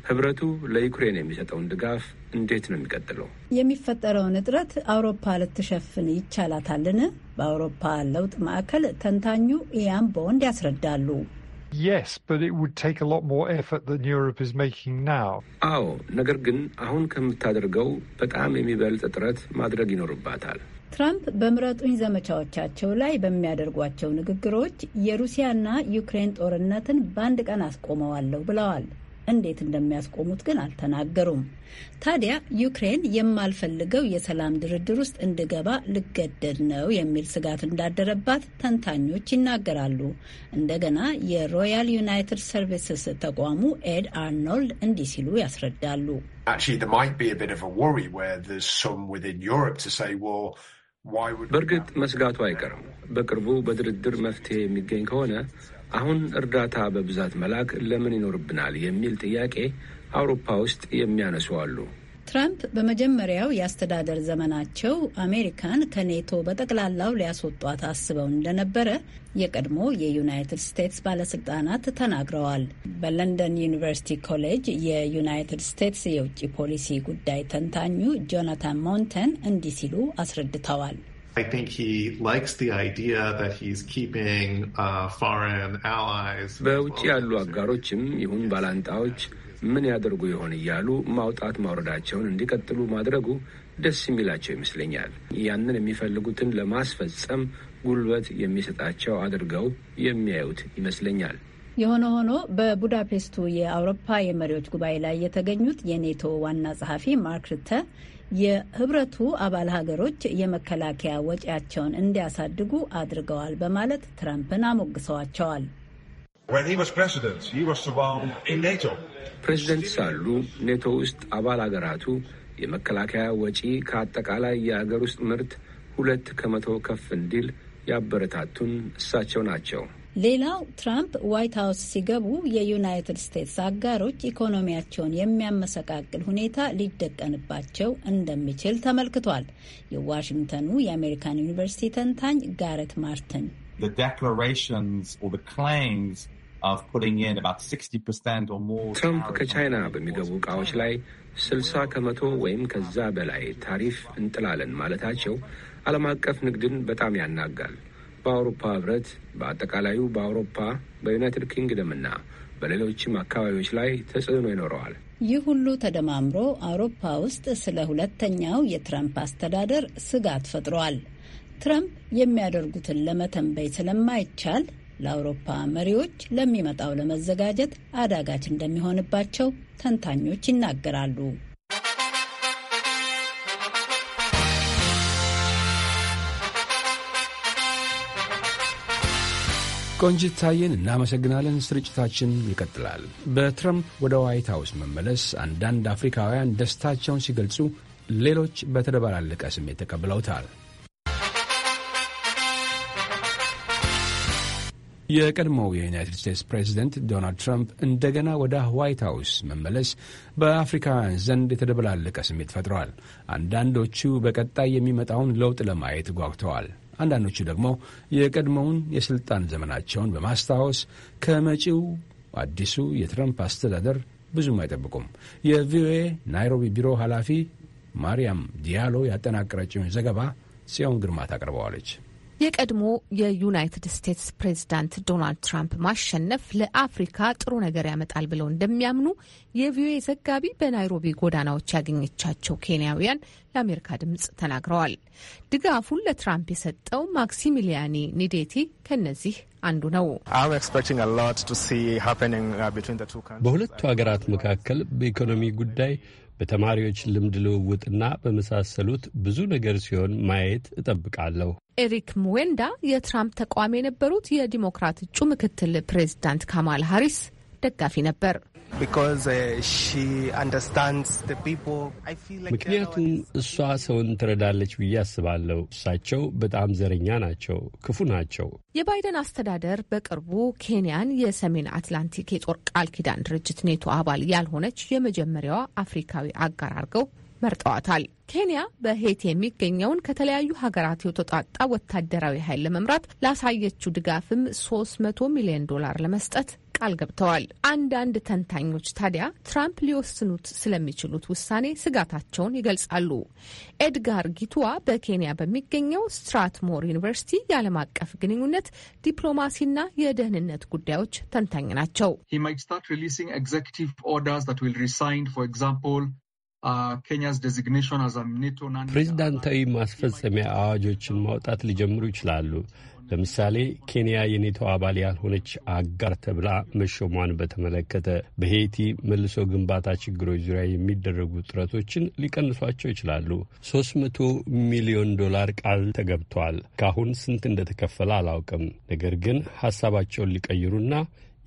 ህብረቱ ለዩክሬን የሚሰጠውን ድጋፍ እንዴት ነው የሚቀጥለው? የሚፈጠረውን እጥረት አውሮፓ ልትሸፍን ይቻላታልን? በአውሮፓ ለውጥ ማዕከል ተንታኙ ኢያም ቦንድ ያስረዳሉ። አዎ፣ ነገር ግን አሁን ከምታደርገው በጣም የሚበልጥ ጥረት ማድረግ ይኖርባታል። ትራምፕ በምረጡኝ ዘመቻዎቻቸው ላይ በሚያደርጓቸው ንግግሮች የሩሲያና ዩክሬን ጦርነትን በአንድ ቀን አስቆመዋለሁ ብለዋል። እንዴት እንደሚያስቆሙት ግን አልተናገሩም። ታዲያ ዩክሬን የማልፈልገው የሰላም ድርድር ውስጥ እንድገባ ልገደድ ነው የሚል ስጋት እንዳደረባት ተንታኞች ይናገራሉ። እንደገና የሮያል ዩናይትድ ሰርቪስስ ተቋሙ ኤድ አርኖልድ እንዲህ ሲሉ ያስረዳሉ። በእርግጥ መስጋቱ አይቀርም። በቅርቡ በድርድር መፍትሄ የሚገኝ ከሆነ አሁን እርዳታ በብዛት መላክ ለምን ይኖርብናል የሚል ጥያቄ አውሮፓ ውስጥ የሚያነሱ አሉ። ትራምፕ በመጀመሪያው የአስተዳደር ዘመናቸው አሜሪካን ከኔቶ በጠቅላላው ሊያስወጧት አስበው እንደነበረ የቀድሞ የዩናይትድ ስቴትስ ባለስልጣናት ተናግረዋል። በለንደን ዩኒቨርሲቲ ኮሌጅ የዩናይትድ ስቴትስ የውጭ ፖሊሲ ጉዳይ ተንታኙ ጆናታን ሞንተን እንዲህ ሲሉ አስረድተዋል። I think uh, በውጭ ያሉ አጋሮችም ይሁን ባላንጣዎች ምን ያደርጉ ይሆን እያሉ ማውጣት ማውረዳቸውን እንዲቀጥሉ ማድረጉ ደስ የሚላቸው ይመስለኛል። ያንን የሚፈልጉትን ለማስፈጸም ጉልበት የሚሰጣቸው አድርገው የሚያዩት ይመስለኛል። የሆነ ሆኖ በቡዳፔስቱ የአውሮፓ የመሪዎች ጉባኤ ላይ የተገኙት የኔቶ ዋና ጸሐፊ ማርክ ርተ የህብረቱ አባል ሀገሮች የመከላከያ ወጪያቸውን እንዲያሳድጉ አድርገዋል በማለት ትራምፕን አሞግሰዋቸዋል። ፕሬዚደንት ሳሉ ኔቶ ውስጥ አባል ሀገራቱ የመከላከያ ወጪ ከአጠቃላይ የአገር ውስጥ ምርት ሁለት ከመቶ ከፍ እንዲል ያበረታቱን እሳቸው ናቸው። ሌላው ትራምፕ ዋይት ሀውስ ሲገቡ የዩናይትድ ስቴትስ አጋሮች ኢኮኖሚያቸውን የሚያመሰቃቅል ሁኔታ ሊደቀንባቸው እንደሚችል ተመልክቷል። የዋሽንግተኑ የአሜሪካን ዩኒቨርሲቲ ተንታኝ ጋረት ማርትን ትራምፕ ከቻይና በሚገቡ እቃዎች ላይ ስልሳ ከመቶ ወይም ከዛ በላይ ታሪፍ እንጥላለን ማለታቸው ዓለም አቀፍ ንግድን በጣም ያናጋል። በአውሮፓ ህብረት፣ በአጠቃላዩ በአውሮፓ በዩናይትድ ኪንግደምና በሌሎችም አካባቢዎች ላይ ተጽዕኖ ይኖረዋል። ይህ ሁሉ ተደማምሮ አውሮፓ ውስጥ ስለ ሁለተኛው የትራምፕ አስተዳደር ስጋት ፈጥሯል። ትራምፕ የሚያደርጉትን ለመተንበይ ስለማይቻል ለአውሮፓ መሪዎች ለሚመጣው ለመዘጋጀት አዳጋች እንደሚሆንባቸው ተንታኞች ይናገራሉ። ቆንጅት ታየን እናመሰግናለን። ስርጭታችን ይቀጥላል። በትረምፕ ወደ ዋይት ሀውስ መመለስ አንዳንድ አፍሪካውያን ደስታቸውን ሲገልጹ፣ ሌሎች በተደበላለቀ ስሜት ተቀብለውታል። የቀድሞው የዩናይትድ ስቴትስ ፕሬዚደንት ዶናልድ ትራምፕ እንደገና ወደ ዋይት ሀውስ መመለስ በአፍሪካውያን ዘንድ የተደበላለቀ ስሜት ፈጥረዋል። አንዳንዶቹ በቀጣይ የሚመጣውን ለውጥ ለማየት ጓጉተዋል። አንዳንዶቹ ደግሞ የቀድሞውን የሥልጣን ዘመናቸውን በማስታወስ ከመጪው አዲሱ የትረምፕ አስተዳደር ብዙም አይጠብቁም። የቪኦኤ ናይሮቢ ቢሮ ኃላፊ ማርያም ዲያሎ ያጠናቀረችውን ዘገባ ጽዮን ግርማ ታቀርበዋለች። የቀድሞ የዩናይትድ ስቴትስ ፕሬዝዳንት ዶናልድ ትራምፕ ማሸነፍ ለአፍሪካ ጥሩ ነገር ያመጣል ብለው እንደሚያምኑ የቪኦኤ ዘጋቢ በናይሮቢ ጎዳናዎች ያገኘቻቸው ኬንያውያን ለአሜሪካ ድምጽ ተናግረዋል። ድጋፉን ለትራምፕ የሰጠው ማክሲሚሊያኒ ኒዴቲ ከነዚህ አንዱ ነው። uh, በሁለቱ ሀገራት መካከል በኢኮኖሚ ጉዳይ በተማሪዎች ልምድ ልውውጥና በመሳሰሉት ብዙ ነገር ሲሆን ማየት እጠብቃለሁ። ኤሪክ ሙዌንዳ የትራምፕ ተቃዋሚ የነበሩት የዲሞክራት እጩ ምክትል ፕሬዚዳንት ካማል ሀሪስ ደጋፊ ነበር። Uh, ምክንያቱም እሷ ሰውን ትረዳለች ብዬ አስባለሁ። እሳቸው በጣም ዘረኛ ናቸው፣ ክፉ ናቸው። የባይደን አስተዳደር በቅርቡ ኬንያን የሰሜን አትላንቲክ የጦር ቃል ኪዳን ድርጅት ኔቶ አባል ያልሆነች የመጀመሪያዋ አፍሪካዊ አጋር አድርገው መርጠዋታል። ኬንያ በሄት የሚገኘውን ከተለያዩ ሀገራት የተውጣጣ ወታደራዊ ኃይል ለመምራት ላሳየችው ድጋፍም 300 ሚሊዮን ዶላር ለመስጠት ቃል ገብተዋል። አንዳንድ ተንታኞች ታዲያ ትራምፕ ሊወስኑት ስለሚችሉት ውሳኔ ስጋታቸውን ይገልጻሉ። ኤድጋር ጊቱዋ በኬንያ በሚገኘው ስትራትሞር ዩኒቨርሲቲ የዓለም አቀፍ ግንኙነት ዲፕሎማሲና የደህንነት ጉዳዮች ተንታኝ ናቸው። uh, ፕሬዚዳንታዊ ማስፈጸሚያ አዋጆችን ማውጣት ሊጀምሩ ይችላሉ። ለምሳሌ ኬንያ የኔቶ አባል ያልሆነች አጋር ተብላ መሾሟን በተመለከተ በሄይቲ መልሶ ግንባታ ችግሮች ዙሪያ የሚደረጉ ጥረቶችን ሊቀንሷቸው ይችላሉ። 300 ሚሊዮን ዶላር ቃል ተገብቷል። ካሁን ስንት እንደተከፈለ አላውቅም። ነገር ግን ሀሳባቸውን ሊቀይሩና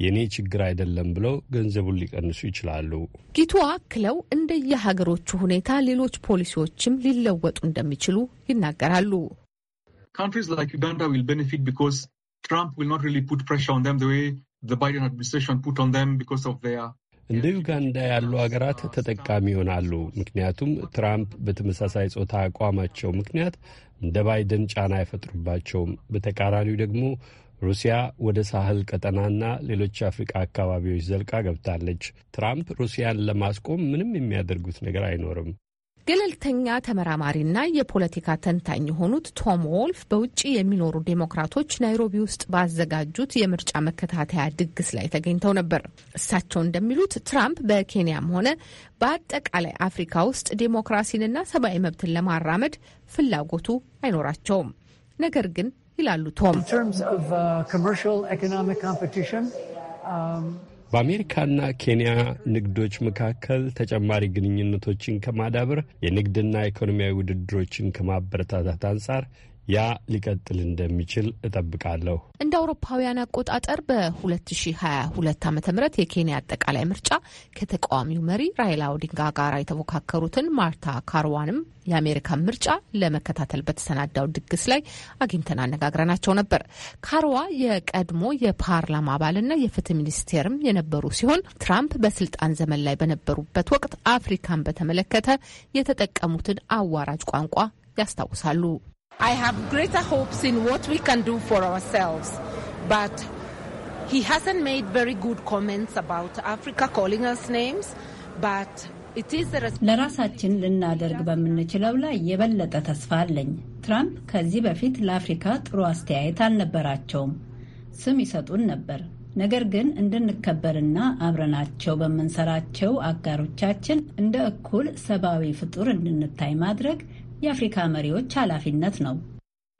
የእኔ ችግር አይደለም ብለው ገንዘቡን ሊቀንሱ ይችላሉ። ጊቱ አክለው እንደየሀገሮቹ ሁኔታ ሌሎች ፖሊሲዎችም ሊለወጡ እንደሚችሉ ይናገራሉ። countries like Uganda will benefit because Trump will not really put pressure on them the way the Biden administration put on them because of their እንደ ዩጋንዳ ያሉ ሀገራት ተጠቃሚ ይሆናሉ። ምክንያቱም ትራምፕ በተመሳሳይ ጾታ አቋማቸው ምክንያት እንደ ባይደን ጫና አይፈጥሩባቸውም። በተቃራኒው ደግሞ ሩሲያ ወደ ሳህል ቀጠናና ሌሎች አፍሪቃ አካባቢዎች ዘልቃ ገብታለች። ትራምፕ ሩሲያን ለማስቆም ምንም የሚያደርጉት ነገር አይኖርም። ገለልተኛ ተመራማሪና የፖለቲካ ተንታኝ የሆኑት ቶም ወልፍ በውጭ የሚኖሩ ዴሞክራቶች ናይሮቢ ውስጥ ባዘጋጁት የምርጫ መከታተያ ድግስ ላይ ተገኝተው ነበር። እሳቸው እንደሚሉት ትራምፕ በኬንያም ሆነ በአጠቃላይ አፍሪካ ውስጥ ዴሞክራሲንና ሰብአዊ መብትን ለማራመድ ፍላጎቱ አይኖራቸውም። ነገር ግን ይላሉ ቶም በአሜሪካና ኬንያ ንግዶች መካከል ተጨማሪ ግንኙነቶችን ከማዳበር የንግድና ኢኮኖሚያዊ ውድድሮችን ከማበረታታት አንጻር ያ ሊቀጥል እንደሚችል እጠብቃለሁ። እንደ አውሮፓውያን አቆጣጠር በ2022 ዓ ም የኬንያ አጠቃላይ ምርጫ ከተቃዋሚው መሪ ራይላ ኦዲንጋ ጋር የተፎካከሩትን ማርታ ካርዋንም የአሜሪካን ምርጫ ለመከታተል በተሰናዳው ድግስ ላይ አግኝተን አነጋግረናቸው ነበር። ካርዋ የቀድሞ የፓርላማ አባልና የፍትህ ሚኒስቴርም የነበሩ ሲሆን ትራምፕ በስልጣን ዘመን ላይ በነበሩበት ወቅት አፍሪካን በተመለከተ የተጠቀሙትን አዋራጅ ቋንቋ ያስታውሳሉ። I have greater hopes in what we can do for ourselves, but he hasn't made very good comments about Africa calling us names, but it is the ለራሳችን ልናደርግ በምንችለው ላይ የበለጠ ተስፋ አለኝ። ትራምፕ ከዚህ በፊት ለአፍሪካ ጥሩ አስተያየት አልነበራቸውም። ስም ይሰጡን ነበር። ነገር ግን እንድንከበርና አብረናቸው በምንሰራቸው አጋሮቻችን እንደ እኩል ሰብአዊ ፍጡር እንድንታይ ማድረግ የአፍሪካ መሪዎች ኃላፊነት ነው።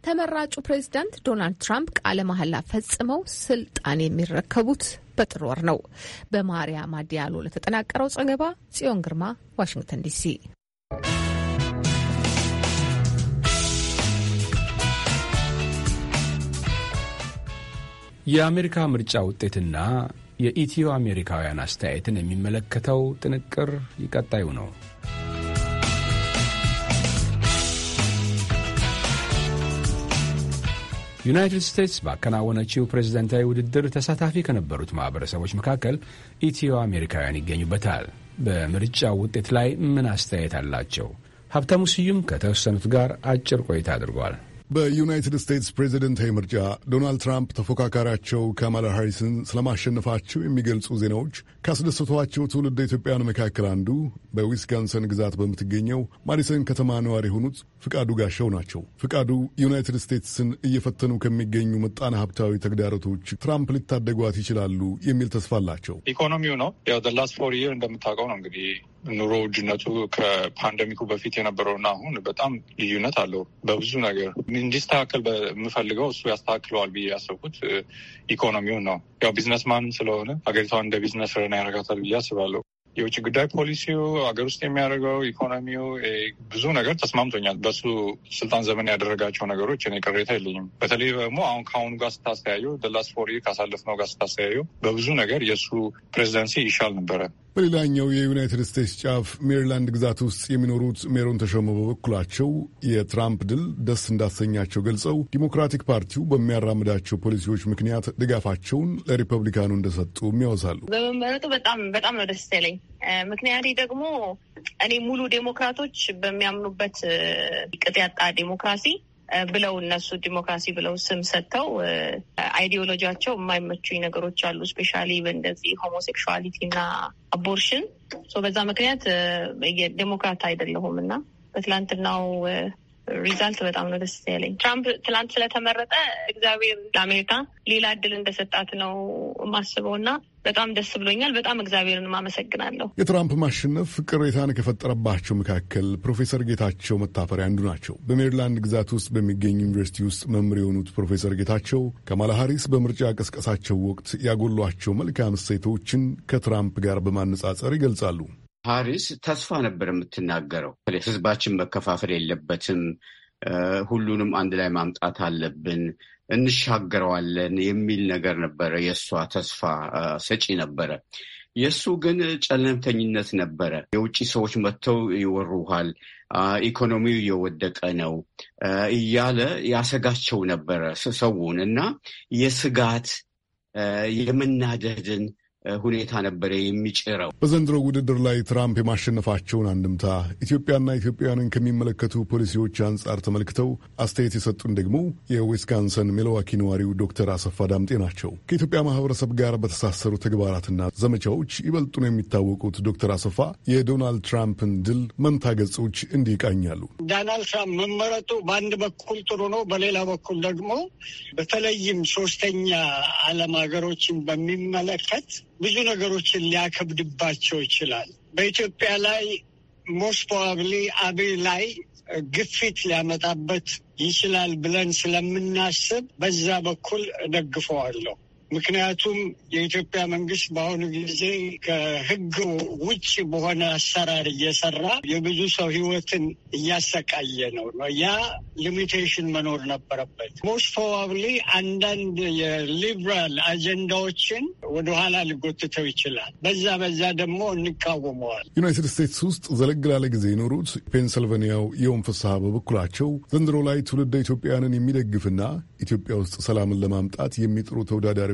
ተመራጩ ፕሬዝዳንት ዶናልድ ትራምፕ ቃለ መሐላ ፈጽመው ስልጣን የሚረከቡት በጥር ወር ነው። በማሪያማ ዲያሎ ለተጠናቀረው ዘገባ ጽዮን ግርማ፣ ዋሽንግተን ዲሲ። የአሜሪካ ምርጫ ውጤትና የኢትዮ አሜሪካውያን አስተያየትን የሚመለከተው ጥንቅር ይቀጣዩ ነው። ዩናይትድ ስቴትስ ባከናወነችው ፕሬዝደንታዊ ውድድር ተሳታፊ ከነበሩት ማህበረሰቦች መካከል ኢትዮ አሜሪካውያን ይገኙበታል። በምርጫው ውጤት ላይ ምን አስተያየት አላቸው? ሀብታሙ ስዩም ከተወሰኑት ጋር አጭር ቆይታ አድርጓል። በዩናይትድ ስቴትስ ፕሬዚደንታዊ ምርጫ ዶናልድ ትራምፕ ተፎካካሪያቸው ካማላ ሃሪስን ስለማሸነፋቸው የሚገልጹ ዜናዎች ካስደሰቷቸው ትውልድ ኢትዮጵያን መካከል አንዱ በዊስካንሰን ግዛት በምትገኘው ማዲሰን ከተማ ነዋሪ የሆኑት ፍቃዱ ጋሻው ናቸው። ፍቃዱ ዩናይትድ ስቴትስን እየፈተኑ ከሚገኙ ምጣኔ ሀብታዊ ተግዳሮቶች ትራምፕ ሊታደጓት ይችላሉ የሚል ተስፋ አላቸው። ኢኮኖሚው ነው ያው ላስት ፎር ይር እንደምታውቀው ነው እንግዲህ ኑሮ ውድነቱ ከፓንደሚኩ በፊት የነበረውና አሁን በጣም ልዩነት አለው። በብዙ ነገር እንዲስተካከል በምፈልገው እሱ ያስተካክለዋል ብዬ ያሰብኩት ኢኮኖሚውን ነው። ያው ቢዝነስማን ስለሆነ ሀገሪቷን እንደ ቢዝነስ ረና ያረጋታል ብዬ አስባለሁ። የውጭ ጉዳይ ፖሊሲው፣ አገር ውስጥ የሚያደርገው ኢኮኖሚው፣ ብዙ ነገር ተስማምቶኛል። በሱ ስልጣን ዘመን ያደረጋቸው ነገሮች እኔ ቅሬታ የለኝም። በተለይ ደግሞ አሁን ከአሁኑ ጋር ስታስተያየው ደላስ ፎሪ ካሳለፍነው ጋር ስታስተያየው በብዙ ነገር የእሱ ፕሬዚደንሲ ይሻል ነበረ። በሌላኛው የዩናይትድ ስቴትስ ጫፍ ሜሪላንድ ግዛት ውስጥ የሚኖሩት ሜሮን ተሾመ በበኩላቸው የትራምፕ ድል ደስ እንዳሰኛቸው ገልጸው ዲሞክራቲክ ፓርቲው በሚያራምዳቸው ፖሊሲዎች ምክንያት ድጋፋቸውን ለሪፐብሊካኑ እንደሰጡ የሚያወሳሉ። በመመረጡ በጣም በጣም ነው ደስ ያለኝ። ምክንያቴ ደግሞ እኔ ሙሉ ዴሞክራቶች በሚያምኑበት ቅጥ ያጣ ዴሞክራሲ ብለው እነሱ ዲሞክራሲ ብለው ስም ሰጥተው አይዲዮሎጂያቸው የማይመቹኝ ነገሮች አሉ። ስፔሻሊ እንደዚህ ሆሞሴክሹዋሊቲ እና አቦርሽን በዛ ምክንያት ዴሞክራት አይደለሁም እና በትላንትናው ሪዛልት በጣም ነው ደስ ያለኝ። ትራምፕ ትላንት ስለተመረጠ እግዚአብሔር ለአሜሪካ ሌላ እድል እንደሰጣት ነው የማስበው እና በጣም ደስ ብሎኛል። በጣም እግዚአብሔርን አመሰግናለሁ። የትራምፕ ማሸነፍ ቅሬታን ከፈጠረባቸው መካከል ፕሮፌሰር ጌታቸው መታፈሪያ አንዱ ናቸው። በሜሪላንድ ግዛት ውስጥ በሚገኝ ዩኒቨርሲቲ ውስጥ መምህር የሆኑት ፕሮፌሰር ጌታቸው ካማላ ሀሪስ በምርጫ ቀስቀሳቸው ወቅት ያጎሏቸው መልካም እሴቶችን ከትራምፕ ጋር በማነጻጸር ይገልጻሉ። ፓሪስ ተስፋ ነበር የምትናገረው። ህዝባችን መከፋፈል የለበትም፣ ሁሉንም አንድ ላይ ማምጣት አለብን፣ እንሻገረዋለን የሚል ነገር ነበረ። የእሷ ተስፋ ሰጪ ነበረ። የእሱ ግን ጨለምተኝነት ነበረ። የውጭ ሰዎች መጥተው ይወሩሃል፣ ኢኮኖሚው እየወደቀ ነው እያለ ያሰጋቸው ነበረ ሰውን እና የስጋት የመናደድን ሁኔታ ነበረ የሚጭረው። በዘንድሮ ውድድር ላይ ትራምፕ የማሸነፋቸውን አንድምታ ኢትዮጵያና ኢትዮጵያውያንን ከሚመለከቱ ፖሊሲዎች አንጻር ተመልክተው አስተያየት የሰጡን ደግሞ የዊስካንሰን ሜለዋኪ ነዋሪው ዶክተር አሰፋ ዳምጤ ናቸው። ከኢትዮጵያ ማህበረሰብ ጋር በተሳሰሩ ተግባራትና ዘመቻዎች ይበልጡ ነው የሚታወቁት ዶክተር አሰፋ የዶናልድ ትራምፕን ድል መንታ ገጾች እንዲህ ይቃኛሉ። ዶናልድ ትራምፕ መመረጡ በአንድ በኩል ጥሩ ነው፣ በሌላ በኩል ደግሞ በተለይም ሶስተኛ ዓለም ሀገሮችን በሚመለከት ብዙ ነገሮችን ሊያከብድባቸው ይችላል። በኢትዮጵያ ላይ ሞስት ፕሮባብሊ አብይ ላይ ግፊት ሊያመጣበት ይችላል ብለን ስለምናስብ በዛ በኩል እደግፈዋለሁ። ምክንያቱም የኢትዮጵያ መንግስት በአሁኑ ጊዜ ከህግ ውጭ በሆነ አሰራር እየሰራ የብዙ ሰው ህይወትን እያሰቃየ ነው ነው ያ ሊሚቴሽን መኖር ነበረበት። ሞስት ፕሮባብሊ አንዳንድ የሊብራል አጀንዳዎችን ወደኋላ ሊጎትተው ይችላል። በዛ በዛ ደግሞ እንቃወመዋል። ዩናይትድ ስቴትስ ውስጥ ዘለግ ላለ ጊዜ የኖሩት ፔንሰልቬንያው የውን ፍስሐ በበኩላቸው ዘንድሮ ላይ ትውልደ ኢትዮጵያውያንን የሚደግፍና ኢትዮጵያ ውስጥ ሰላምን ለማምጣት የሚጥሩ ተወዳዳሪ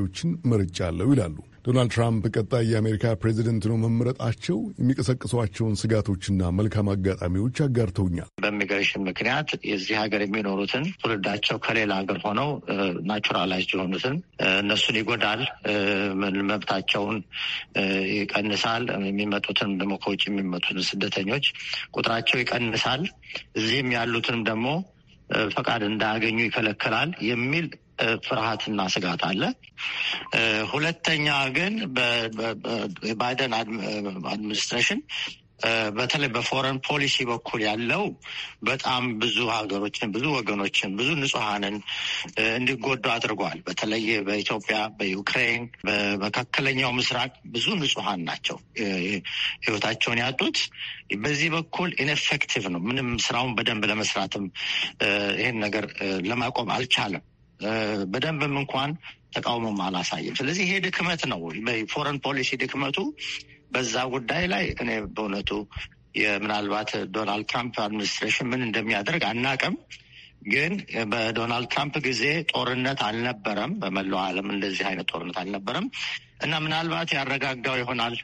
መርጫ አለው ይላሉ። ዶናልድ ትራምፕ ቀጣይ የአሜሪካ ፕሬዚደንት ነው መምረጣቸው የሚቀሰቅሷቸውን ስጋቶችና መልካም አጋጣሚዎች አጋርተውኛል። በኢሚግሬሽን ምክንያት የዚህ ሀገር የሚኖሩትን ትውልዳቸው ከሌላ ሀገር ሆነው ናቹራላይዝ የሆኑትን እነሱን ይጎዳል፣ መብታቸውን ይቀንሳል። የሚመጡትን ደግሞ ከውጭ የሚመጡትን ስደተኞች ቁጥራቸው ይቀንሳል። እዚህም ያሉትንም ደግሞ ፈቃድ እንዳያገኙ ይከለከላል የሚል ፍርሃትና ስጋት አለ። ሁለተኛ ግን የባይደን አድሚኒስትሬሽን በተለይ በፎረን ፖሊሲ በኩል ያለው በጣም ብዙ ሀገሮችን፣ ብዙ ወገኖችን፣ ብዙ ንጹሐንን እንዲጎዱ አድርጓል። በተለይ በኢትዮጵያ፣ በዩክሬን፣ በመካከለኛው ምስራቅ ብዙ ንጹሐን ናቸው ህይወታቸውን ያጡት። በዚህ በኩል ኢንፌክቲቭ ነው። ምንም ስራውን በደንብ ለመስራትም ይህን ነገር ለማቆም አልቻለም። በደንብም እንኳን ተቃውሞም አላሳይም። ስለዚህ ይሄ ድክመት ነው። ፎረን ፖሊሲ ድክመቱ በዛ ጉዳይ ላይ እኔ በእውነቱ ምናልባት ዶናልድ ትራምፕ አድሚኒስትሬሽን ምን እንደሚያደርግ አናቅም። ግን በዶናልድ ትራምፕ ጊዜ ጦርነት አልነበረም፣ በመላው ዓለም እንደዚህ አይነት ጦርነት አልነበረም እና ምናልባት ያረጋጋው ይሆናል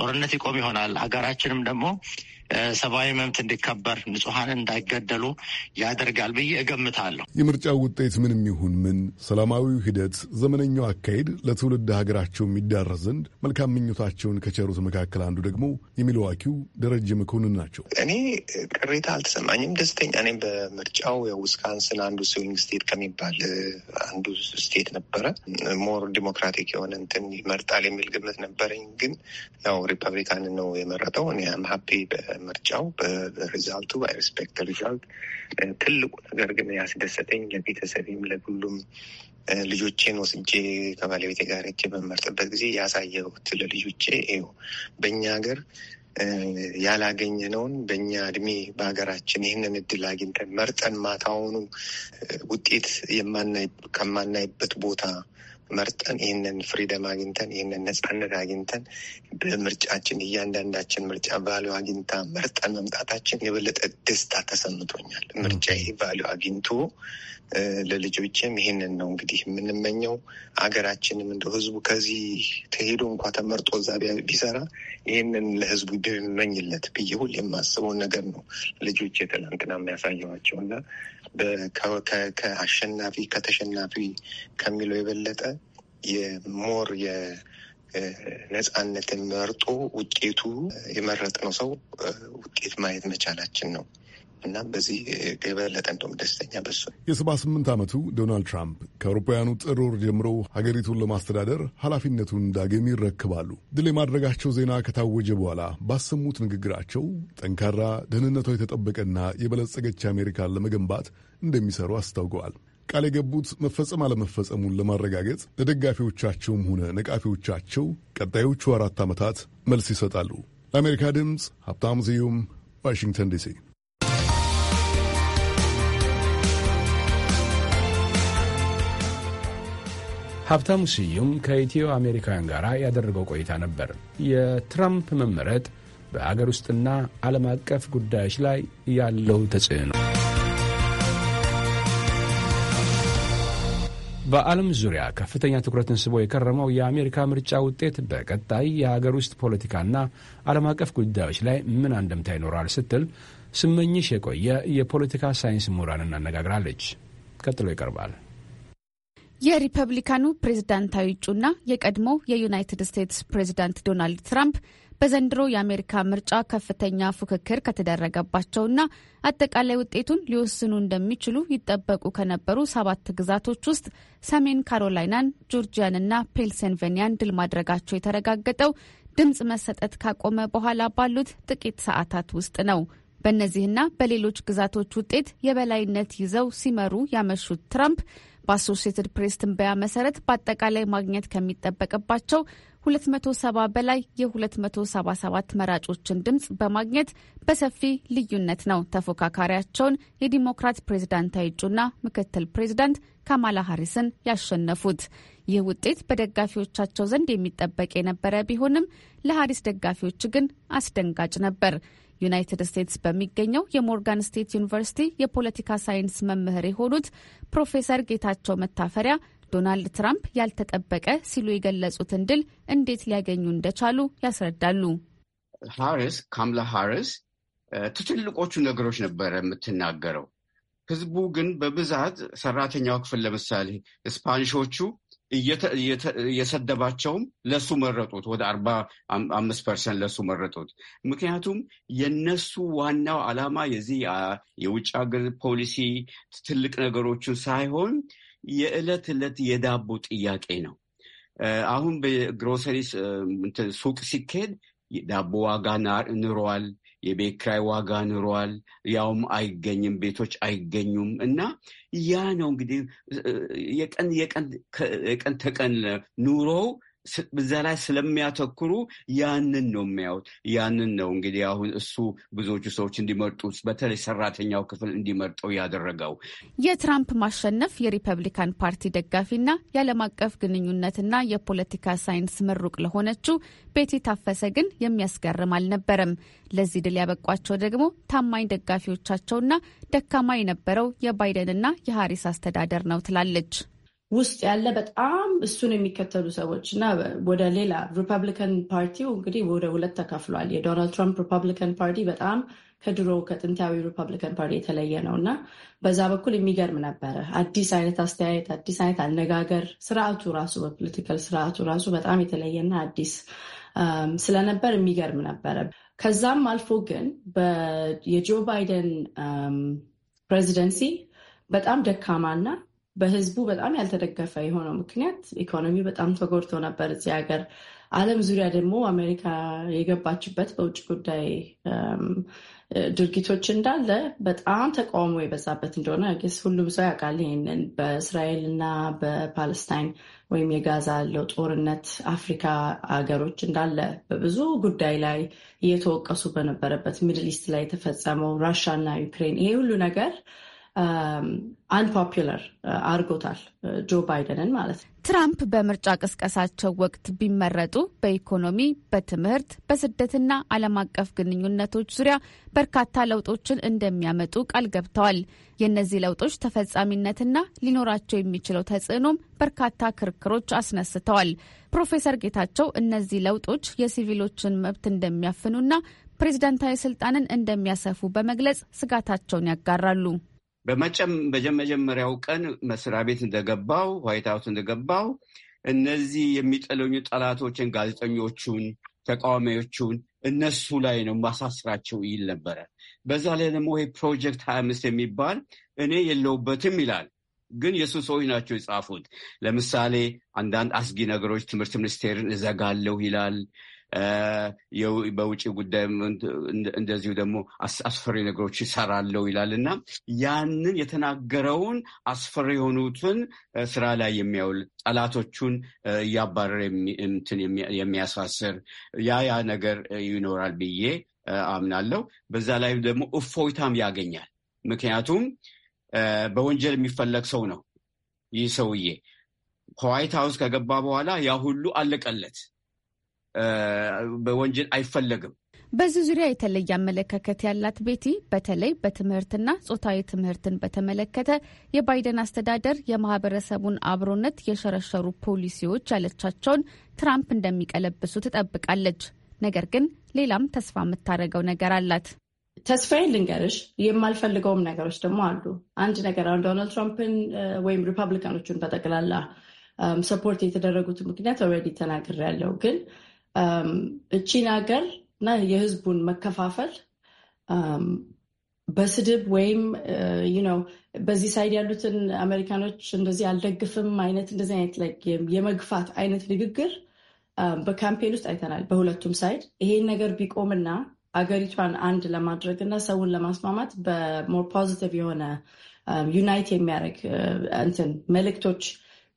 ጦርነት ይቆም ይሆናል። ሀገራችንም ደግሞ ሰብአዊ መብት እንዲከበር፣ ንጹሐን እንዳይገደሉ ያደርጋል ብዬ እገምታለሁ። የምርጫው ውጤት ምንም ይሁን ምን ሰላማዊው ሂደት ዘመነኛው አካሄድ ለትውልድ ሀገራቸው የሚዳረስ ዘንድ መልካም ምኞታቸውን ከቸሩት መካከል አንዱ ደግሞ የሚለዋኪው ደረጀ መኮንን ናቸው። እኔ ቅሬታ አልተሰማኝም፣ ደስተኛ እኔ በምርጫው። ዊስካንስን አንዱ ስዊንግ ስቴት ከሚባል አንዱ ስቴት ነበረ። ሞር ዲሞክራቲክ የሆነ እንትን ይመርጣል የሚል ግምት ነበረኝ። ግን ያው ሪፐብሊካን ነው የመረጠው። እኔ አም ሀፒ በምርጫው በሪዛልቱ በሪስፔክት ሪዛልት ትልቁ ነገር ግን ያስደሰተኝ ለቤተሰብም ለሁሉም ልጆቼን ወስጄ ከባለቤቴ ጋር ሄጄ በመርጥበት ጊዜ ያሳየሁት ለልጆቼ ይኸው በእኛ ሀገር ያላገኘነውን በእኛ እድሜ በሀገራችን ይህንን እድል አግኝተን መርጠን ማታውኑ ውጤት ከማናይበት ቦታ መርጠን ይህንን ፍሪደም አግኝተን ይህንን ነጻነት አግኝተን በምርጫችን እያንዳንዳችን ምርጫ ቫሉ አግኝታ መርጠን መምጣታችን የበለጠ ደስታ ተሰምቶኛል። ምርጫ ቫሉ አግኝቶ ለልጆችም ይህንን ነው እንግዲህ የምንመኘው። አገራችንም እንደ ህዝቡ ከዚህ ተሄዶ እንኳ ተመርጦ እዛ ቢሰራ ይህንን ለህዝቡ ብመኝለት ብዬ ሁሌ የማስበውን ነገር ነው ልጆች ትናንትና የሚያሳየዋቸው እና ከአሸናፊ ከተሸናፊ ከሚለው የበለጠ የሞር ነፃነትን መርጦ ውጤቱ ነው ሰው ውጤት ማየት መቻላችን ነው። እና በዚህ የበለጠ እንደውም ደስተኛ በሱ። የሰባ ስምንት ዓመቱ ዶናልድ ትራምፕ ከአውሮፓውያኑ ጥር ወር ጀምሮ ሀገሪቱን ለማስተዳደር ኃላፊነቱን ዳግም ይረክባሉ። ድል የማድረጋቸው ዜና ከታወጀ በኋላ ባሰሙት ንግግራቸው ጠንካራ፣ ደህንነቷ የተጠበቀና የበለጸገች አሜሪካን ለመገንባት እንደሚሰሩ አስታውቀዋል። ቃል የገቡት መፈጸም አለመፈጸሙን ለማረጋገጥ ለደጋፊዎቻቸውም ሆነ ነቃፊዎቻቸው ቀጣዮቹ አራት ዓመታት መልስ ይሰጣሉ። ለአሜሪካ ድምፅ ሀብታሙ ስዩም ዋሽንግተን ዲሲ ሀብታሙ ስዩም ከኢትዮ አሜሪካውያን ጋር ያደረገው ቆይታ ነበር። የትራምፕ መመረጥ በአገር ውስጥና ዓለም አቀፍ ጉዳዮች ላይ ያለው ተጽዕኖ በዓለም ዙሪያ ከፍተኛ ትኩረትን ስቦ የከረመው የአሜሪካ ምርጫ ውጤት በቀጣይ የሀገር ውስጥ ፖለቲካና ዓለም አቀፍ ጉዳዮች ላይ ምን አንደምታ ይኖራል ስትል ስመኝሽ የቆየ የፖለቲካ ሳይንስ ምሁራንን አነጋግራለች። ቀጥሎ ይቀርባል። የሪፐብሊካኑ ፕሬዝዳንታዊ እጩና የቀድሞ የዩናይትድ ስቴትስ ፕሬዝዳንት ዶናልድ ትራምፕ በዘንድሮ የአሜሪካ ምርጫ ከፍተኛ ፉክክር ከተደረገባቸውና አጠቃላይ ውጤቱን ሊወስኑ እንደሚችሉ ይጠበቁ ከነበሩ ሰባት ግዛቶች ውስጥ ሰሜን ካሮላይናን፣ ጆርጂያንና ፔንሲልቬንያን ድል ማድረጋቸው የተረጋገጠው ድምፅ መሰጠት ካቆመ በኋላ ባሉት ጥቂት ሰዓታት ውስጥ ነው። በእነዚህና በሌሎች ግዛቶች ውጤት የበላይነት ይዘው ሲመሩ ያመሹት ትራምፕ በአሶሼትድ ፕሬስ ትንበያ መሰረት በአጠቃላይ ማግኘት ከሚጠበቅባቸው 270 በላይ የ277 መራጮችን ድምፅ በማግኘት በሰፊ ልዩነት ነው ተፎካካሪያቸውን የዲሞክራት ፕሬዝዳንታዊ እጩና ምክትል ፕሬዝዳንት ካማላ ሀሪስን ያሸነፉት። ይህ ውጤት በደጋፊዎቻቸው ዘንድ የሚጠበቅ የነበረ ቢሆንም ለሀሪስ ደጋፊዎች ግን አስደንጋጭ ነበር። ዩናይትድ ስቴትስ በሚገኘው የሞርጋን ስቴት ዩኒቨርሲቲ የፖለቲካ ሳይንስ መምህር የሆኑት ፕሮፌሰር ጌታቸው መታፈሪያ ዶናልድ ትራምፕ ያልተጠበቀ ሲሉ የገለጹትን ድል እንዴት ሊያገኙ እንደቻሉ ያስረዳሉ። ሃሪስ ካምላ ሃሪስ ትትልቆቹ ነገሮች ነበረ የምትናገረው። ህዝቡ ግን በብዛት ሰራተኛው ክፍል ለምሳሌ ስፓኒሾቹ የሰደባቸውም ለሱ መረጡት። ወደ አርባ አምስት ፐርሰንት ለሱ መረጡት። ምክንያቱም የነሱ ዋናው ዓላማ የዚህ የውጭ ሀገር ፖሊሲ ትልቅ ነገሮችን ሳይሆን የዕለት ዕለት የዳቦ ጥያቄ ነው። አሁን በግሮሰሪ ሱቅ ሲካሄድ ዳቦ ዋጋ ንሯል። የቤት ኪራይ ዋጋ ኑሯል ያውም አይገኝም፣ ቤቶች አይገኙም። እና ያ ነው እንግዲህ የቀን ተቀን ኑሮው በዛ ላይ ስለሚያተኩሩ ያንን ነው የሚያዩት። ያንን ነው እንግዲህ አሁን እሱ ብዙዎቹ ሰዎች እንዲመርጡ በተለይ ሰራተኛው ክፍል እንዲመርጠው ያደረገው። የትራምፕ ማሸነፍ የሪፐብሊካን ፓርቲ ደጋፊና የዓለም አቀፍ ግንኙነትና የፖለቲካ ሳይንስ ምሩቅ ለሆነችው ቤቲ ታፈሰ ግን የሚያስገርም አልነበረም። ለዚህ ድል ያበቋቸው ደግሞ ታማኝ ደጋፊዎቻቸውና ደካማ የነበረው የባይደንና የሀሪስ አስተዳደር ነው ትላለች። ውስጥ ያለ በጣም እሱን የሚከተሉ ሰዎች እና ወደ ሌላ ሪፐብሊካን ፓርቲው እንግዲህ ወደ ሁለት ተከፍሏል። የዶናልድ ትራምፕ ሪፐብሊካን ፓርቲ በጣም ከድሮ ከጥንታዊ ሪፐብሊካን ፓርቲ የተለየ ነው እና በዛ በኩል የሚገርም ነበረ። አዲስ አይነት አስተያየት፣ አዲስ አይነት አነጋገር፣ ስርዓቱ ራሱ በፖለቲካል ስርዓቱ ራሱ በጣም የተለየና አዲስ ስለነበር የሚገርም ነበረ። ከዛም አልፎ ግን የጆ ባይደን ፕሬዚደንሲ በጣም ደካማና በህዝቡ በጣም ያልተደገፈ የሆነው ምክንያት ኢኮኖሚ በጣም ተጎድቶ ነበር እዚህ ሀገር። ዓለም ዙሪያ ደግሞ አሜሪካ የገባችበት በውጭ ጉዳይ ድርጊቶች እንዳለ በጣም ተቃውሞ የበዛበት እንደሆነ ስ ሁሉም ሰው ያውቃል። ይህንን በእስራኤል እና በፓለስታይን ወይም የጋዛ ያለው ጦርነት አፍሪካ ሀገሮች እንዳለ በብዙ ጉዳይ ላይ እየተወቀሱ በነበረበት ሚድል ኢስት ላይ የተፈጸመው ራሻ እና ዩክሬን ይሄ ሁሉ ነገር አንፖፑለር um, uh, አድርጎታል። ጆ uh, ባይደንን ማለት ነው። ትራምፕ በምርጫ ቅስቀሳቸው ወቅት ቢመረጡ በኢኮኖሚ፣ በትምህርት፣ በስደትና ዓለም አቀፍ ግንኙነቶች ዙሪያ በርካታ ለውጦችን እንደሚያመጡ ቃል ገብተዋል። የእነዚህ ለውጦች ተፈጻሚነትና ሊኖራቸው የሚችለው ተጽዕኖም በርካታ ክርክሮች አስነስተዋል። ፕሮፌሰር ጌታቸው እነዚህ ለውጦች የሲቪሎችን መብት እንደሚያፍኑና ፕሬዚዳንታዊ ስልጣንን እንደሚያሰፉ በመግለጽ ስጋታቸውን ያጋራሉ። በመጀመሪያው ቀን መስሪያ ቤት እንደገባው ዋይት ሀውስ እንደገባው እነዚህ የሚጠለኙ ጠላቶችን፣ ጋዜጠኞቹን፣ ተቃዋሚዎቹን እነሱ ላይ ነው ማሳስራቸው ይል ነበረ። በዛ ላይ ደግሞ ይሄ ፕሮጀክት ሀያ አምስት የሚባል እኔ የለውበትም ይላል ግን የእሱ ሰዎች ናቸው የጻፉት። ለምሳሌ አንዳንድ አስጊ ነገሮች ትምህርት ሚኒስቴርን እዘጋለሁ ይላል። በውጭ ጉዳይ እንደዚሁ ደግሞ አስፈሪ ነገሮች ይሰራለው ይላል እና ያንን የተናገረውን አስፈሪ የሆኑትን ስራ ላይ የሚያውል ጠላቶቹን እያባረር የሚያሳስር ያ ያ ነገር ይኖራል ብዬ አምናለሁ። በዛ ላይ ደግሞ እፎይታም ያገኛል። ምክንያቱም በወንጀል የሚፈለግ ሰው ነው ይህ ሰውዬ። ከዋይት ሀውስ ከገባ በኋላ ያ ሁሉ አለቀለት። በወንጀል አይፈለግም። በዚህ ዙሪያ የተለየ አመለካከት ያላት ቤቲ በተለይ በትምህርትና ጾታዊ ትምህርትን በተመለከተ የባይደን አስተዳደር የማህበረሰቡን አብሮነት የሸረሸሩ ፖሊሲዎች ያለቻቸውን ትራምፕ እንደሚቀለብሱ ትጠብቃለች። ነገር ግን ሌላም ተስፋ የምታደርገው ነገር አላት። ተስፋዬ ልንገርሽ፣ የማልፈልገውም ነገሮች ደግሞ አሉ። አንድ ነገር አሁን ዶናልድ ትራምፕን ወይም ሪፐብሊካኖቹን በጠቅላላ ሰፖርት የተደረጉት ምክንያት ኦልሬዲ ተናግሬያለሁ ግን እቺን ሀገር እና የህዝቡን መከፋፈል በስድብ ወይም ነው በዚህ ሳይድ ያሉትን አሜሪካኖች እንደዚህ አልደግፍም አይነት እንደዚህ አይነት የመግፋት አይነት ንግግር በካምፔን ውስጥ አይተናል። በሁለቱም ሳይድ ይሄን ነገር ቢቆምና አገሪቷን አንድ ለማድረግ እና ሰውን ለማስማማት በሞር ፖዚቲቭ የሆነ ዩናይት የሚያደርግ እንትን መልእክቶች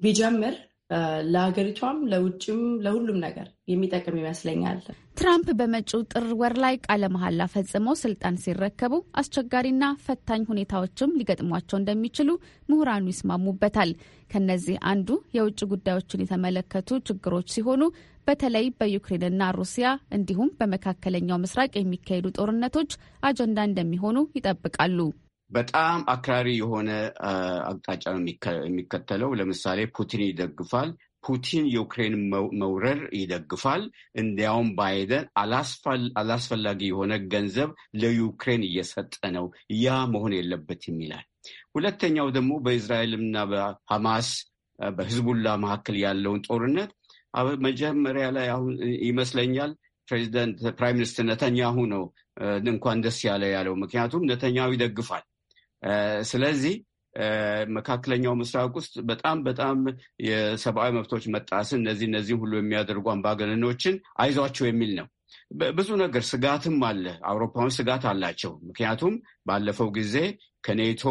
ቢጀምር ለሀገሪቷም ለውጭም ለሁሉም ነገር የሚጠቅም ይመስለኛል። ትራምፕ በመጪው ጥር ወር ላይ ቃለ መሐላ ፈጽመው ስልጣን ሲረከቡ አስቸጋሪና ፈታኝ ሁኔታዎችም ሊገጥሟቸው እንደሚችሉ ምሁራኑ ይስማሙበታል። ከነዚህ አንዱ የውጭ ጉዳዮችን የተመለከቱ ችግሮች ሲሆኑ በተለይ በዩክሬንና ሩሲያ እንዲሁም በመካከለኛው ምስራቅ የሚካሄዱ ጦርነቶች አጀንዳ እንደሚሆኑ ይጠብቃሉ። በጣም አክራሪ የሆነ አቅጣጫ ነው የሚከተለው። ለምሳሌ ፑቲን ይደግፋል። ፑቲን የዩክሬን መውረር ይደግፋል። እንዲያውም ባይደን አላስፈላጊ የሆነ ገንዘብ ለዩክሬን እየሰጠ ነው፣ ያ መሆን የለበትም ይላል። ሁለተኛው ደግሞ በእስራኤልና በሐማስ በህዝቡላ መካከል ያለውን ጦርነት መጀመሪያ ላይ አሁን ይመስለኛል ፕሬዚደንት ፕራይም ሚኒስትር ነተኛሁ ነው እንኳን ደስ ያለ ያለው። ምክንያቱም ነተኛሁ ይደግፋል ስለዚህ መካከለኛው ምስራቅ ውስጥ በጣም በጣም የሰብአዊ መብቶች መጣስን እነዚህ እነዚህ ሁሉ የሚያደርጉ አምባገነኖችን አይዟቸው የሚል ነው። ብዙ ነገር ስጋትም አለ። አውሮፓውን ስጋት አላቸው። ምክንያቱም ባለፈው ጊዜ ከኔቶ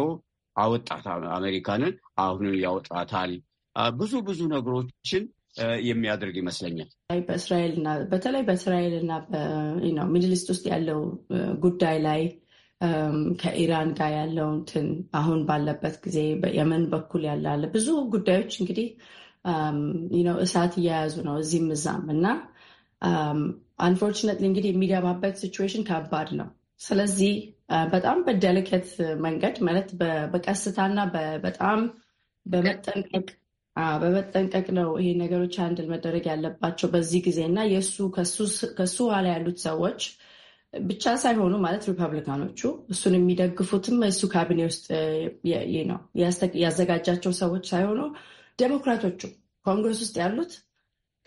አወጣት አሜሪካንን፣ አሁን ያወጣታል። ብዙ ብዙ ነገሮችን የሚያደርግ ይመስለኛል። በስራኤልና በተለይ በእስራኤልና ሚድል ኢስት ውስጥ ያለው ጉዳይ ላይ ከኢራን ጋር ያለው እንትን አሁን ባለበት ጊዜ የመን በኩል ያላለ ብዙ ጉዳዮች እንግዲህ እሳት እየያዙ ነው እዚህም እዛም እና አንፎርችነትሊ እንግዲህ የሚገባበት ሲቹዌሽን ከባድ ነው። ስለዚህ በጣም በደልከት መንገድ ማለት በቀስታና በጣም በመጠንቀቅ በመጠንቀቅ ነው ይሄ ነገሮች አንድል መደረግ ያለባቸው በዚህ ጊዜ እና የእሱ ከሱ ኋላ ያሉት ሰዎች ብቻ ሳይሆኑ ማለት ሪፐብሊካኖቹ እሱን የሚደግፉትም እሱ ካቢኔ ውስጥ ነው ያዘጋጃቸው ሰዎች ሳይሆኑ ዴሞክራቶቹ ኮንግረስ ውስጥ ያሉት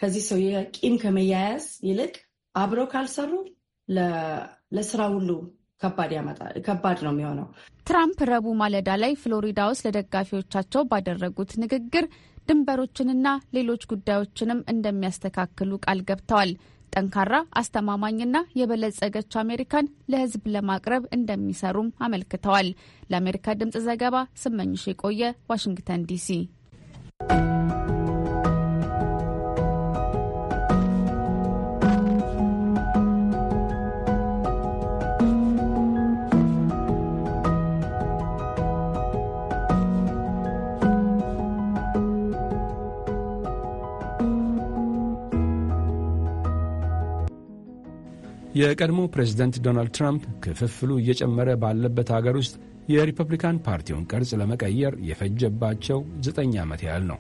ከዚህ ሰው የቂም ከመያያዝ ይልቅ አብረው ካልሰሩ ለስራ ሁሉ ከባድ ነው የሚሆነው። ትራምፕ ረቡዕ ማለዳ ላይ ፍሎሪዳ ውስጥ ለደጋፊዎቻቸው ባደረጉት ንግግር ድንበሮችንና ሌሎች ጉዳዮችንም እንደሚያስተካክሉ ቃል ገብተዋል። ጠንካራ አስተማማኝና የበለጸገች አሜሪካን ለህዝብ ለማቅረብ እንደሚሰሩም አመልክተዋል። ለአሜሪካ ድምጽ ዘገባ ስመኝሽ የቆየ ዋሽንግተን ዲሲ። የቀድሞ ፕሬዝደንት ዶናልድ ትራምፕ ክፍፍሉ እየጨመረ ባለበት አገር ውስጥ የሪፐብሊካን ፓርቲውን ቅርጽ ለመቀየር የፈጀባቸው ዘጠኝ ዓመት ያህል ነው።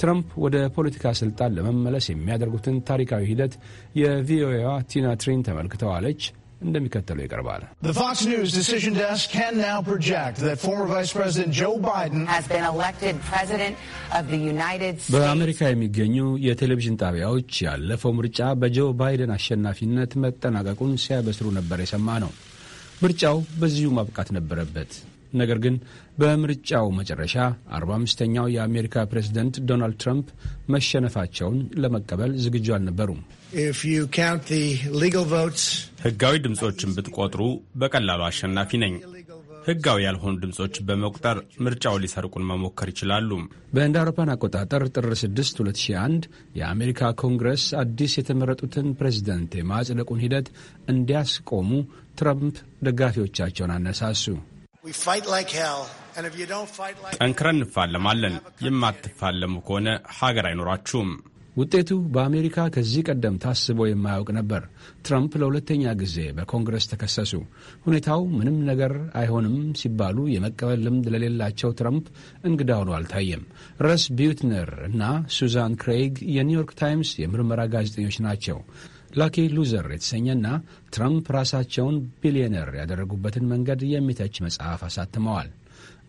ትራምፕ ወደ ፖለቲካ ሥልጣን ለመመለስ የሚያደርጉትን ታሪካዊ ሂደት የቪኦኤዋ ቲና ትሪን ተመልክተዋለች። እንደሚከተለው ይቀርባል። በአሜሪካ የሚገኙ የቴሌቪዥን ጣቢያዎች ያለፈው ምርጫ በጆ ባይደን አሸናፊነት መጠናቀቁን ሲያበስሩ ነበር የሰማ ነው። ምርጫው በዚሁ ማብቃት ነበረበት። ነገር ግን በምርጫው መጨረሻ 45ኛው የአሜሪካ ፕሬዝደንት ዶናልድ ትራምፕ መሸነፋቸውን ለመቀበል ዝግጁ አልነበሩም። ህጋዊ ድምፆችን ብትቆጥሩ በቀላሉ አሸናፊ ነኝ። ህጋዊ ያልሆኑ ድምፆች በመቁጠር ምርጫው ሊሰርቁን መሞከር ይችላሉ። በእንደ አውሮፓን አቆጣጠር ጥር 6 2001 የአሜሪካ ኮንግረስ አዲስ የተመረጡትን ፕሬዝደንት የማጽደቁን ሂደት እንዲያስቆሙ ትራምፕ ደጋፊዎቻቸውን አነሳሱ። ጠንክረን እንፋለማለን። የማትፋለሙ ከሆነ ሀገር አይኖራችሁም። ውጤቱ በአሜሪካ ከዚህ ቀደም ታስቦ የማያውቅ ነበር። ትራምፕ ለሁለተኛ ጊዜ በኮንግረስ ተከሰሱ። ሁኔታው ምንም ነገር አይሆንም ሲባሉ የመቀበል ልምድ ለሌላቸው ትራምፕ እንግዳ ሆኖ አልታየም። ረስ ቢዩትነር እና ሱዛን ክሬይግ የኒውዮርክ ታይምስ የምርመራ ጋዜጠኞች ናቸው። ላኪ ሉዘር የተሰኘና ትራምፕ ራሳቸውን ቢሊዮነር ያደረጉበትን መንገድ የሚተች መጽሐፍ አሳትመዋል።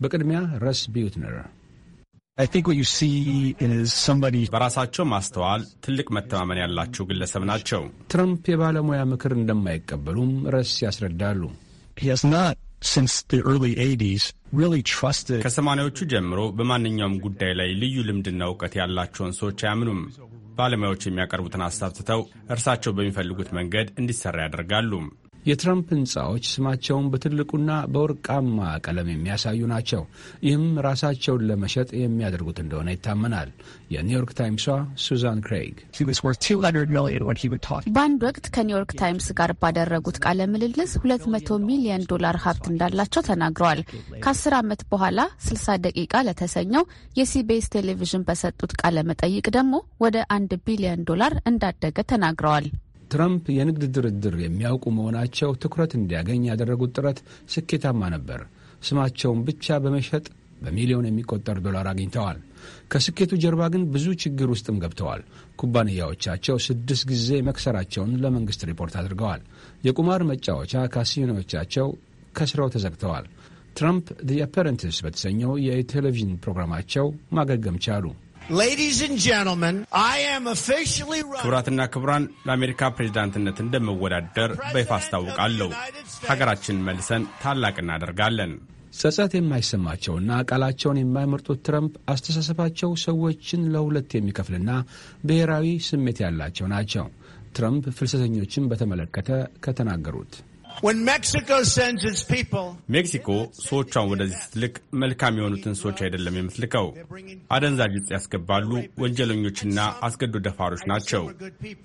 በቅድሚያ ረስ ቢዩትነር በራሳቸው ማስተዋል ትልቅ መተማመን ያላቸው ግለሰብ ናቸው። ትራምፕ የባለሙያ ምክር እንደማይቀበሉም ረስ ያስረዳሉ። ከሰማኒያዎቹ ጀምሮ በማንኛውም ጉዳይ ላይ ልዩ ልምድና እውቀት ያላቸውን ሰዎች አያምኑም። ባለሙያዎች የሚያቀርቡትን ሀሳብ ትተው እርሳቸው በሚፈልጉት መንገድ እንዲሰራ ያደርጋሉ። የትራምፕ ህንፃዎች ስማቸውን በትልቁና በወርቃማ ቀለም የሚያሳዩ ናቸው። ይህም ራሳቸውን ለመሸጥ የሚያደርጉት እንደሆነ ይታመናል። የኒውዮርክ ታይምሷ ሱዛን ክሬግ በአንድ ወቅት ከኒውዮርክ ታይምስ ጋር ባደረጉት ቃለ ምልልስ 200 ሚሊዮን ዶላር ሀብት እንዳላቸው ተናግረዋል ከአስር ከ10 ዓመት በኋላ 60 ደቂቃ ለተሰኘው የሲቢኤስ ቴሌቪዥን በሰጡት ቃለ መጠይቅ ደግሞ ወደ አንድ ቢሊዮን ዶላር እንዳደገ ተናግረዋል። ትራምፕ የንግድ ድርድር የሚያውቁ መሆናቸው ትኩረት እንዲያገኝ ያደረጉት ጥረት ስኬታማ ነበር። ስማቸውን ብቻ በመሸጥ በሚሊዮን የሚቆጠር ዶላር አግኝተዋል። ከስኬቱ ጀርባ ግን ብዙ ችግር ውስጥም ገብተዋል። ኩባንያዎቻቸው ስድስት ጊዜ መክሰራቸውን ለመንግሥት ሪፖርት አድርገዋል። የቁማር መጫወቻ ካሲኖዎቻቸው ከስረው ተዘግተዋል። ትራምፕ ዲ አፐረንትስ በተሰኘው የቴሌቪዥን ፕሮግራማቸው ማገገም ቻሉ። ክቡራትና ክቡራን ለአሜሪካ ፕሬዚዳንትነት እንደመወዳደር በይፋ አስታውቃለሁ። ሀገራችን መልሰን ታላቅ እናደርጋለን። ጸጸት የማይሰማቸውና ቃላቸውን የማይመርጡት ትረምፕ አስተሳሰባቸው ሰዎችን ለሁለት የሚከፍልና ብሔራዊ ስሜት ያላቸው ናቸው። ትረምፕ ፍልሰተኞችን በተመለከተ ከተናገሩት ሜክሲኮ ሰዎቿን ወደዚህ ስትልክ መልካም የሆኑትን ሰዎች አይደለም የምትልከው። አደንዛዥ ዕፅ ያስገባሉ፣ ወንጀለኞችና አስገዶ ደፋሮች ናቸው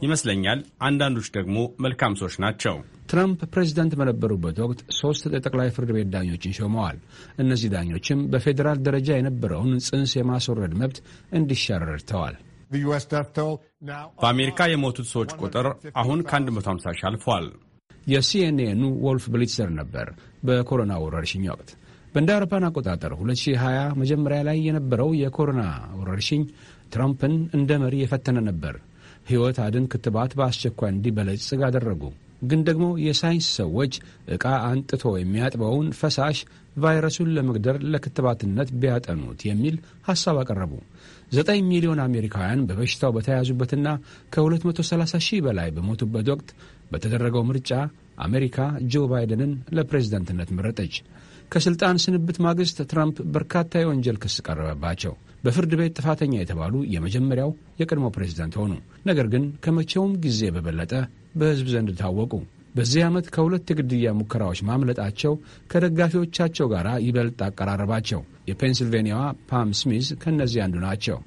ይመስለኛል። አንዳንዶች ደግሞ መልካም ሰዎች ናቸው። ትራምፕ ፕሬዚዳንት በነበሩበት ወቅት ሶስት የጠቅላይ ፍርድ ቤት ዳኞችን ሾመዋል። እነዚህ ዳኞችም በፌዴራል ደረጃ የነበረውን ጽንስ የማስወረድ መብት እንዲሻር ረድተዋል። በአሜሪካ የሞቱት ሰዎች ቁጥር አሁን ከ150 ሺህ አልፏል። የሲኤንኤኑ ወልፍ ብሊትሰር ነበር። በኮሮና ወረርሽኝ ወቅት በእንደ አውሮፓን አቆጣጠር 2020 መጀመሪያ ላይ የነበረው የኮሮና ወረርሽኝ ትራምፕን እንደ መሪ የፈተነ ነበር። ሕይወት አድን ክትባት በአስቸኳይ እንዲበለጽግ አደረጉ። ግን ደግሞ የሳይንስ ሰዎች ዕቃ አንጥቶ የሚያጥበውን ፈሳሽ ቫይረሱን ለመግደር ለክትባትነት ቢያጠኑት የሚል ሐሳብ አቀረቡ። 9 ሚሊዮን አሜሪካውያን በበሽታው በተያያዙበትና ከ230 ሺህ በላይ በሞቱበት ወቅት በተደረገው ምርጫ አሜሪካ ጆ ባይደንን ለፕሬዝደንትነት መረጠች። ከሥልጣን ስንብት ማግስት ትራምፕ በርካታ የወንጀል ክስ ቀረበባቸው። በፍርድ ቤት ጥፋተኛ የተባሉ የመጀመሪያው የቀድሞ ፕሬዝደንት ሆኑ። ነገር ግን ከመቼውም ጊዜ በበለጠ በሕዝብ ዘንድ ታወቁ። በዚህ ዓመት ከሁለት የግድያ ሙከራዎች ማምለጣቸው ከደጋፊዎቻቸው ጋር ይበልጥ አቀራረባቸው። የፔንስልቬንያዋ ፓም ስሚዝ ከእነዚህ አንዱ ናቸው።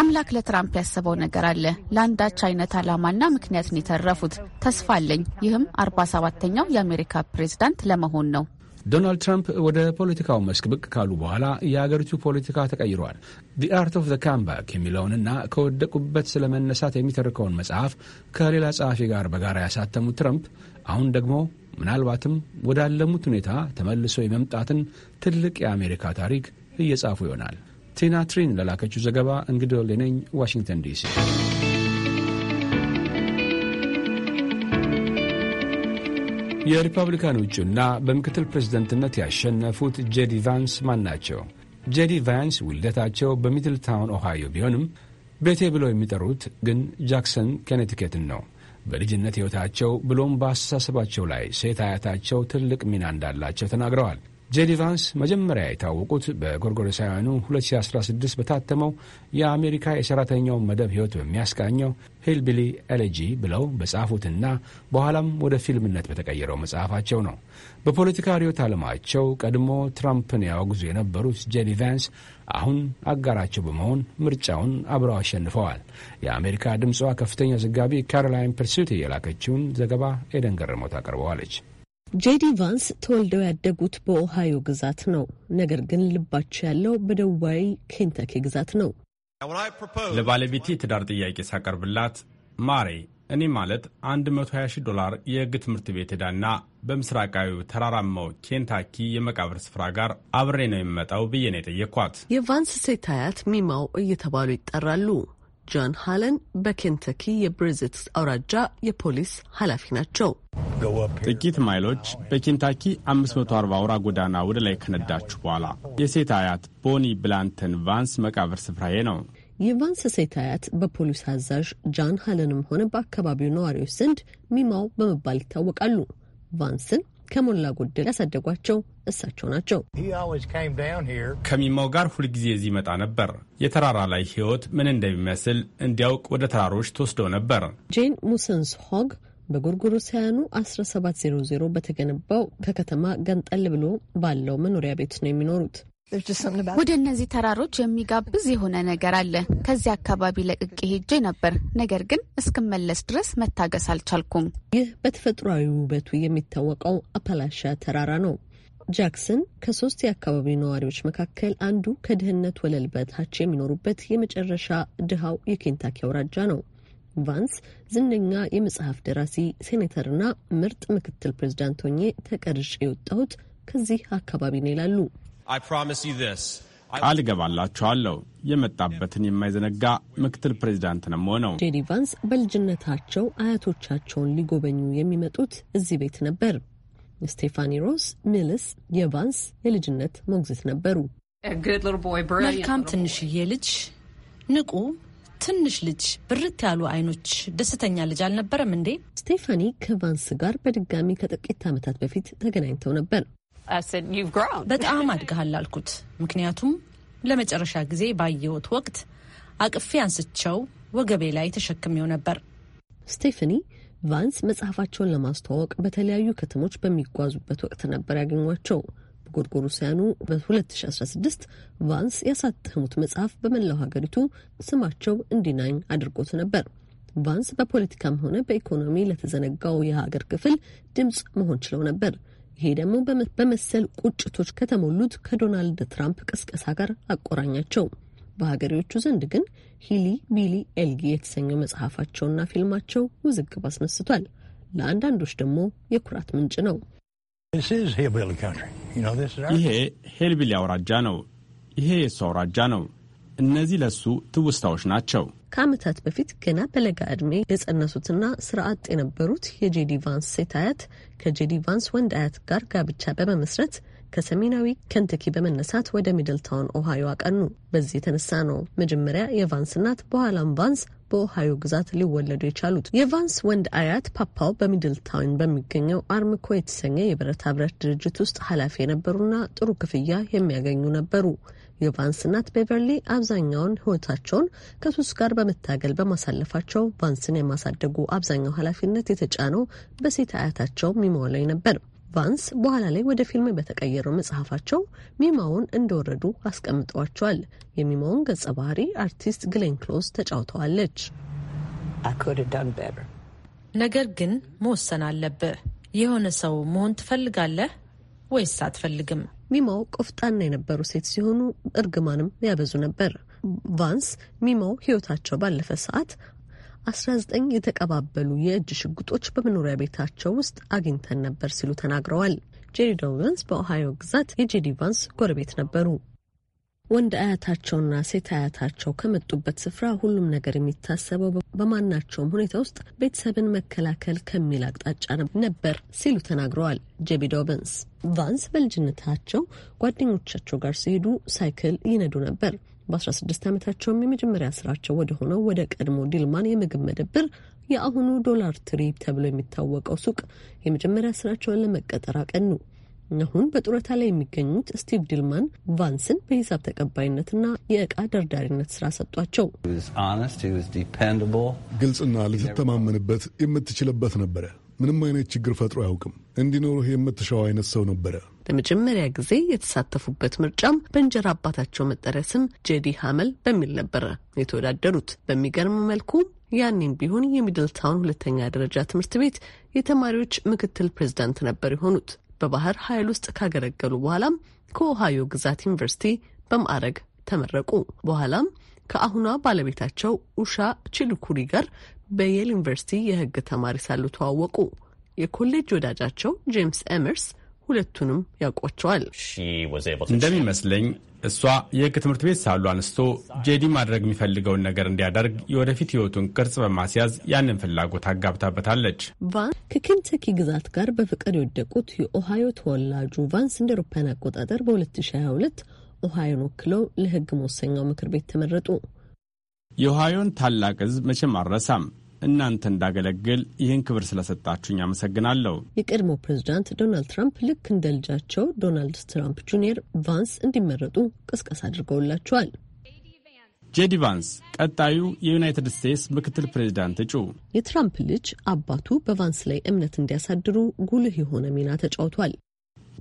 አምላክ ለትራምፕ ያሰበው ነገር አለ። ለአንዳች አይነት አላማና ምክንያት ነው የተረፉት። ተስፋ አለኝ። ይህም አርባ ሰባተኛው የአሜሪካ ፕሬዝዳንት ለመሆን ነው። ዶናልድ ትራምፕ ወደ ፖለቲካው መስክ ብቅ ካሉ በኋላ የአገሪቱ ፖለቲካ ተቀይሯል። ዲ አርት ኦፍ ዘ ካምባክ የሚለውንና ከወደቁበት ስለ መነሳት የሚተርከውን መጽሐፍ ከሌላ ጸሐፊ ጋር በጋራ ያሳተሙት ትራምፕ አሁን ደግሞ ምናልባትም ወዳለሙት ሁኔታ ተመልሶ የመምጣትን ትልቅ የአሜሪካ ታሪክ እየጻፉ ይሆናል። ቴና ትሪን ለላከችው ዘገባ እንግዲህ ሌነኝ ዋሽንግተን ዲሲ። የሪፐብሊካን እጩና በምክትል ፕሬዝደንትነት ያሸነፉት ጄዲ ቫንስ ማን ናቸው? ጄዲ ቫንስ ውልደታቸው በሚድልታውን ኦሃዮ ቢሆንም ቤቴ ብለው የሚጠሩት ግን ጃክሰን ኬኔቲኬትን ነው። በልጅነት ሕይወታቸው ብሎም በአስተሳሰባቸው ላይ ሴት አያታቸው ትልቅ ሚና እንዳላቸው ተናግረዋል። ጄዲ ቫንስ መጀመሪያ የታወቁት በጎርጎሮሳውያኑ 2016 በታተመው የአሜሪካ የሠራተኛው መደብ ሕይወት በሚያስቃኘው ሂልቢሊ ኤሌጂ ብለው በጻፉትና በኋላም ወደ ፊልምነት በተቀየረው መጽሐፋቸው ነው። በፖለቲካ ሪዮት ዓለማቸው ቀድሞ ትራምፕን ያወግዙ የነበሩት ጄዲ ቫንስ አሁን አጋራቸው በመሆን ምርጫውን አብረው አሸንፈዋል። የአሜሪካ ድምፅዋ ከፍተኛ ዘጋቢ ካሮላይን ፐርሱቲ የላከችውን ዘገባ ኤደን ገረሞት አቀርበዋለች። ጄዲ ቫንስ ተወልደው ያደጉት በኦሃዮ ግዛት ነው። ነገር ግን ልባቸው ያለው በደቡባዊ ኬንታኪ ግዛት ነው። ለባለቤቴ የትዳር ጥያቄ ሳቀርብላት ማሬ፣ እኔ ማለት 120 ሺህ ዶላር የሕግ ትምህርት ቤት ዕዳና በምስራቃዊው ተራራማው ኬንታኪ የመቃብር ስፍራ ጋር አብሬ ነው የሚመጣው ብዬ ነው የጠየቅኳት። የቫንስ ሴት አያት ሚማው እየተባሉ ይጠራሉ። ጆን ሃለን በኬንተኪ የብሬዝት አውራጃ የፖሊስ ኃላፊ ናቸው። ጥቂት ማይሎች በኬንታኪ 540 አውራ ጎዳና ወደ ላይ ከነዳችሁ በኋላ የሴት አያት ቦኒ ብላንተን ቫንስ መቃብር ስፍራዬ ነው። የቫንስ ሴት አያት በፖሊስ አዛዥ ጃን ሃለንም ሆነ በአካባቢው ነዋሪዎች ዘንድ ሚማው በመባል ይታወቃሉ። ቫንስን ከሞላ ጎደል ያሳደጓቸው እሳቸው ናቸው። ከሚማው ጋር ሁልጊዜ እዚህ ይመጣ ነበር። የተራራ ላይ ህይወት ምን እንደሚመስል እንዲያውቅ ወደ ተራሮች ተወስደው ነበር። ጄን ሙሰንስ ሆግ በጎርጎሮሳውያኑ 1700 በተገነባው ከከተማ ገንጠል ብሎ ባለው መኖሪያ ቤት ነው የሚኖሩት። ወደ እነዚህ ተራሮች የሚጋብዝ የሆነ ነገር አለ። ከዚህ አካባቢ ለቅቄ ሄጄ ነበር፣ ነገር ግን እስክመለስ ድረስ መታገስ አልቻልኩም። ይህ በተፈጥሯዊ ውበቱ የሚታወቀው አፓላሻ ተራራ ነው። ጃክሰን ከሶስት የአካባቢ ነዋሪዎች መካከል አንዱ ከድህነት ወለል በታች የሚኖሩበት የመጨረሻ ድሃው የኬንታኪ አውራጃ ነው። ቫንስ ዝነኛ የመጽሐፍ ደራሲ ሴኔተርና ምርጥ ምክትል ፕሬዚዳንት ሆኜ ተቀርጬ የወጣሁት ከዚህ አካባቢ ነው ይላሉ። ቃል እገባላችኋለሁ የመጣበትን የማይዘነጋ ምክትል ፕሬዚዳንት ነው የምሆነው። ጄዲ ቫንስ በልጅነታቸው አያቶቻቸውን ሊጎበኙ የሚመጡት እዚህ ቤት ነበር። ስቴፋኒ ሮስ ሚልስ የቫንስ የልጅነት ሞግዚት ነበሩ። መልካም ትንሽዬ ልጅ፣ ንቁ ትንሽ ልጅ፣ ብርት ያሉ አይኖች፣ ደስተኛ ልጅ አልነበረም እንዴ? ስቴፋኒ ከቫንስ ጋር በድጋሚ ከጥቂት ዓመታት በፊት ተገናኝተው ነበር። በጣም አድገሃል አልኩት። ምክንያቱም ለመጨረሻ ጊዜ ባየሁት ወቅት አቅፌ አንስቸው ወገቤ ላይ ተሸክሜው ነበር። ስቴፍኒ ቫንስ መጽሐፋቸውን ለማስተዋወቅ በተለያዩ ከተሞች በሚጓዙበት ወቅት ነበር ያገኟቸው። በጎርጎሮሳውያኑ በ2016 ቫንስ ያሳተሙት መጽሐፍ በመላው ሀገሪቱ ስማቸው እንዲናኝ አድርጎት ነበር። ቫንስ በፖለቲካም ሆነ በኢኮኖሚ ለተዘነጋው የሀገር ክፍል ድምፅ መሆን ችለው ነበር። ይሄ ደግሞ በመሰል ቁጭቶች ከተሞሉት ከዶናልድ ትራምፕ ቅስቀሳ ጋር አቆራኛቸው። በሀገሪዎቹ ዘንድ ግን ሂሊ ቢሊ ኤልጊ የተሰኘው መጽሐፋቸውና ፊልማቸው ውዝግብ አስነስቷል። ለአንዳንዶች ደግሞ የኩራት ምንጭ ነው። ይሄ ሂልቢሊ አውራጃ ነው። ይሄ የእሱ አውራጃ ነው። እነዚህ ለሱ ትውስታዎች ናቸው። ከዓመታት በፊት ገና በለጋ ዕድሜ የጸነሱትና ስርዓት የነበሩት የጄዲ ቫንስ ሴት አያት ከጄዲ ቫንስ ወንድ አያት ጋር ጋብቻ በመመስረት ከሰሜናዊ ከንትኪ በመነሳት ወደ ሚድልታውን ኦሃዮ አቀኑ። በዚህ የተነሳ ነው መጀመሪያ የቫንስ እናት በኋላም ቫንስ በኦሃዮ ግዛት ሊወለዱ የቻሉት። የቫንስ ወንድ አያት ፓፓው በሚድልታውን በሚገኘው አርምኮ የተሰኘ የብረታ ብረት ድርጅት ውስጥ ኃላፊ የነበሩና ጥሩ ክፍያ የሚያገኙ ነበሩ። የቫንስ እናት ቤቨርሊ አብዛኛውን ህይወታቸውን ከሱስ ጋር በመታገል በማሳለፋቸው ቫንስን የማሳደጉ አብዛኛው ኃላፊነት የተጫነው በሴት አያታቸው ሚማው ላይ ነበር። ቫንስ በኋላ ላይ ወደ ፊልም በተቀየረው መጽሐፋቸው ሚማውን እንደወረዱ አስቀምጠዋቸዋል። የሚማውን ገጸ ባህሪ አርቲስት ግሌን ክሎዝ ተጫውተዋለች። ነገር ግን መወሰን አለብህ። የሆነ ሰው መሆን ትፈልጋለህ ወይስ አትፈልግም? ሚማው ቆፍጣና የነበሩ ሴት ሲሆኑ እርግማንም ያበዙ ነበር። ቫንስ ሚማው ህይወታቸው ባለፈ ሰዓት 19 የተቀባበሉ የእጅ ሽጉጦች በመኖሪያ ቤታቸው ውስጥ አግኝተን ነበር ሲሉ ተናግረዋል። ጄሪ ዶውለንስ በኦሃዮ ግዛት የጄዲ ቫንስ ጎረቤት ነበሩ። ወንድ አያታቸውና ሴት አያታቸው ከመጡበት ስፍራ ሁሉም ነገር የሚታሰበው በማናቸውም ሁኔታ ውስጥ ቤተሰብን መከላከል ከሚል አቅጣጫ ነበር ሲሉ ተናግረዋል። ጄቢ ዶብንስ ቫንስ በልጅነታቸው ጓደኞቻቸው ጋር ሲሄዱ ሳይክል ይነዱ ነበር። በ16 ዓመታቸውም የመጀመሪያ ስራቸው ወደ ሆነው ወደ ቀድሞ ዲልማን የምግብ መደብር የአሁኑ ዶላር ትሪ ተብሎ የሚታወቀው ሱቅ የመጀመሪያ ስራቸውን ለመቀጠር አቀኑ። አሁን በጡረታ ላይ የሚገኙት ስቲቭ ዲልማን ቫንስን በሂሳብ ተቀባይነትና የእቃ ደርዳሪነት ስራ ሰጧቸው። ግልጽና ልትተማመንበት የምትችልበት ነበረ። ምንም አይነት ችግር ፈጥሮ አያውቅም። እንዲኖርህ የምትሻው አይነት ሰው ነበረ። ለመጀመሪያ ጊዜ የተሳተፉበት ምርጫም በእንጀራ አባታቸው መጠሪያ ስም ጄዲ ሀመል በሚል ነበረ የተወዳደሩት። በሚገርም መልኩ ያኔም ቢሆን የሚድልታውን ሁለተኛ ደረጃ ትምህርት ቤት የተማሪዎች ምክትል ፕሬዝዳንት ነበር የሆኑት። በባህር ኃይል ውስጥ ካገለገሉ በኋላም ከኦሃዮ ግዛት ዩኒቨርሲቲ በማዕረግ ተመረቁ። በኋላም ከአሁኗ ባለቤታቸው ኡሻ ችልኩሪ ጋር በየል ዩኒቨርሲቲ የሕግ ተማሪ ሳሉ ተዋወቁ። የኮሌጅ ወዳጃቸው ጄምስ ኤመርስ ሁለቱንም ያውቋቸዋል። እንደሚመስለኝ እሷ የህግ ትምህርት ቤት ሳሉ አንስቶ ጄዲ ማድረግ የሚፈልገውን ነገር እንዲያደርግ የወደፊት ህይወቱን ቅርጽ በማስያዝ ያንን ፍላጎት አጋብታበታለች። ቫን ከኬንተኪ ግዛት ጋር በፍቅር የወደቁት የኦሃዮ ተወላጁ ቫንስ እንደ አውሮፓውያን አቆጣጠር በ2022 ኦሃዮን ወክለው ለህግ መወሰኛው ምክር ቤት ተመረጡ። የኦሃዮን ታላቅ ህዝብ መቼም አልረሳም። እናንተ እንዳገለግል ይህን ክብር ስለሰጣችሁኝ አመሰግናለሁ። የቀድሞ ፕሬዚዳንት ዶናልድ ትራምፕ ልክ እንደ ልጃቸው ዶናልድ ትራምፕ ጁኒየር ቫንስ እንዲመረጡ ቅስቀሳ አድርገውላቸዋል። ጄዲ ቫንስ ቀጣዩ የዩናይትድ ስቴትስ ምክትል ፕሬዚዳንት እጩ። የትራምፕ ልጅ አባቱ በቫንስ ላይ እምነት እንዲያሳድሩ ጉልህ የሆነ ሚና ተጫውቷል።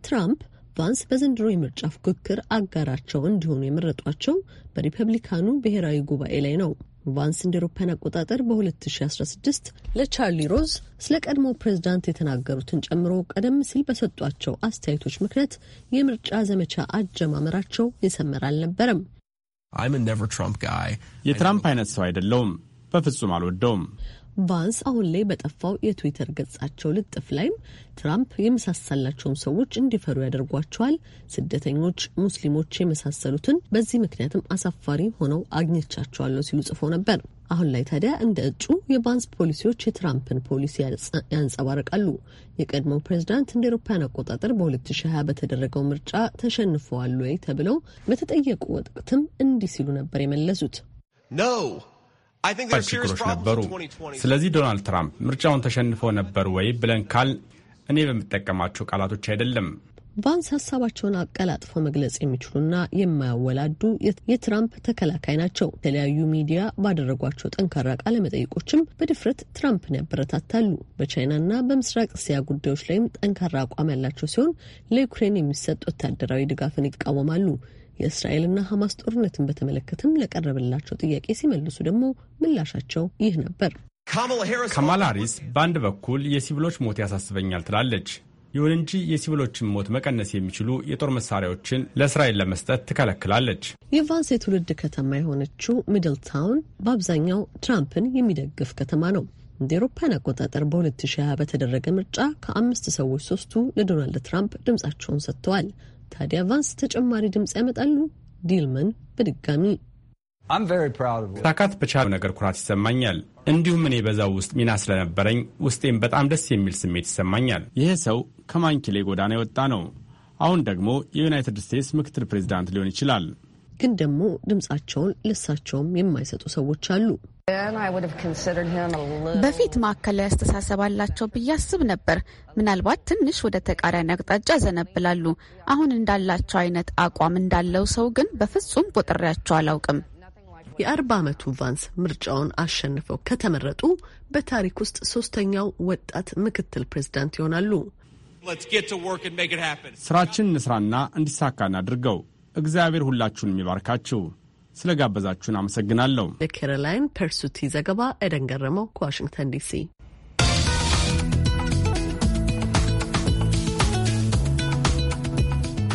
ትራምፕ ቫንስ በዘንድሮ የምርጫ ፉክክር አጋራቸው እንዲሆኑ የመረጧቸው በሪፐብሊካኑ ብሔራዊ ጉባኤ ላይ ነው። ቫንስ እንደ ኤሮፓን አቆጣጠር በ2016 ለቻርሊ ሮዝ ስለ ቀድሞ ፕሬዝዳንት የተናገሩትን ጨምሮ ቀደም ሲል በሰጧቸው አስተያየቶች ምክንያት የምርጫ ዘመቻ አጀማመራቸው የሰመር አልነበረም። የትራምፕ አይነት ሰው አይደለውም፣ በፍጹም አልወደውም። ቫንስ አሁን ላይ በጠፋው የትዊተር ገጻቸው ልጥፍ ላይም ትራምፕ የመሳሰላቸውን ሰዎች እንዲፈሩ ያደርጓቸዋል፣ ስደተኞች፣ ሙስሊሞች የመሳሰሉትን በዚህ ምክንያትም አሳፋሪ ሆነው አግኝቻቸዋለሁ ሲሉ ጽፎ ነበር። አሁን ላይ ታዲያ እንደ እጩ የቫንስ ፖሊሲዎች የትራምፕን ፖሊሲ ያንጸባርቃሉ። የቀድሞው ፕሬዚዳንት እንደ ኤሮፓያን አቆጣጠር በ2020 በተደረገው ምርጫ ተሸንፈዋል ወይ ተብለው በተጠየቁ ወቅትም እንዲህ ሲሉ ነበር የመለሱት ነው ችግሮች ነበሩ። ስለዚህ ዶናልድ ትራምፕ ምርጫውን ተሸንፈው ነበር ወይ ብለን ካል እኔ በምጠቀማቸው ቃላቶች አይደለም። ቫንስ ሀሳባቸውን አቀላጥፎ መግለጽ የሚችሉና የማያወላዱ የትራምፕ ተከላካይ ናቸው። የተለያዩ ሚዲያ ባደረጓቸው ጠንካራ ቃለ መጠይቆችም በድፍረት ትራምፕን ያበረታታሉ። በቻይናና በምስራቅ እስያ ጉዳዮች ላይም ጠንካራ አቋም ያላቸው ሲሆን ለዩክሬን የሚሰጥ ወታደራዊ ድጋፍን ይቃወማሉ። የእስራኤልና ሐማስ ጦርነትን በተመለከተም ለቀረበላቸው ጥያቄ ሲመልሱ ደግሞ ምላሻቸው ይህ ነበር። ካማላ ሃሪስ በአንድ በኩል የሲቪሎች ሞት ያሳስበኛል ትላለች። ይሁን እንጂ የሲቪሎችን ሞት መቀነስ የሚችሉ የጦር መሳሪያዎችን ለእስራኤል ለመስጠት ትከለክላለች። የቫንስ የትውልድ ከተማ የሆነችው ሚድል ታውን በአብዛኛው ትራምፕን የሚደግፍ ከተማ ነው። እንደ ኤሮፓን አቆጣጠር በ2020 በተደረገ ምርጫ ከአምስት ሰዎች ሶስቱ ለዶናልድ ትራምፕ ድምጻቸውን ሰጥተዋል። ታዲያ ቫንስ ተጨማሪ ድምፅ ያመጣሉ? ዲልመን በድጋሚ ታካት በቻለው ነገር ኩራት ይሰማኛል። እንዲሁም እኔ በዛው ውስጥ ሚና ስለነበረኝ ውስጤም በጣም ደስ የሚል ስሜት ይሰማኛል። ይህ ሰው ከማንኪሌ ጎዳና የወጣ ነው። አሁን ደግሞ የዩናይትድ ስቴትስ ምክትል ፕሬዚዳንት ሊሆን ይችላል። ግን ደግሞ ድምፃቸውን ለሳቸውም የማይሰጡ ሰዎች አሉ። በፊት ማዕከላዊ አስተሳሰብ አላቸው ብዬ አስብ ነበር። ምናልባት ትንሽ ወደ ተቃራኒ አቅጣጫ ዘነብላሉ። አሁን እንዳላቸው አይነት አቋም እንዳለው ሰው ግን በፍጹም ቆጥሬያቸው አላውቅም። የአርባ ዓመቱ ቫንስ ምርጫውን አሸንፈው ከተመረጡ በታሪክ ውስጥ ሶስተኛው ወጣት ምክትል ፕሬዝዳንት ይሆናሉ። ስራችን እንስራና እንዲሳካ እናድርገው። እግዚአብሔር ሁላችሁን የሚባርካችሁ። ስለጋበዛችሁን አመሰግናለሁ። የኬሮላይን ፐርሱቲ ዘገባ ኤደን ገረመው ከዋሽንግተን ዲሲ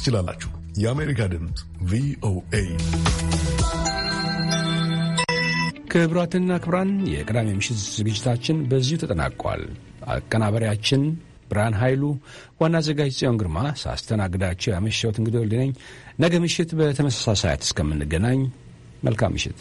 ትችላላችሁ። የአሜሪካ ድምፅ ቪኦኤ። ክብራትና ክብራን የቅዳሜ ምሽት ዝግጅታችን በዚሁ ተጠናቋል። አቀናበሪያችን ብርሃን ኃይሉ፣ ዋና አዘጋጅ ጽዮን ግርማ፣ ሳስተናግዳቸው ያመሸሁት እንግዲህ ልነኝ። ነገ ምሽት በተመሳሳይ ሰዓት እስከምንገናኝ መልካም ምሽት።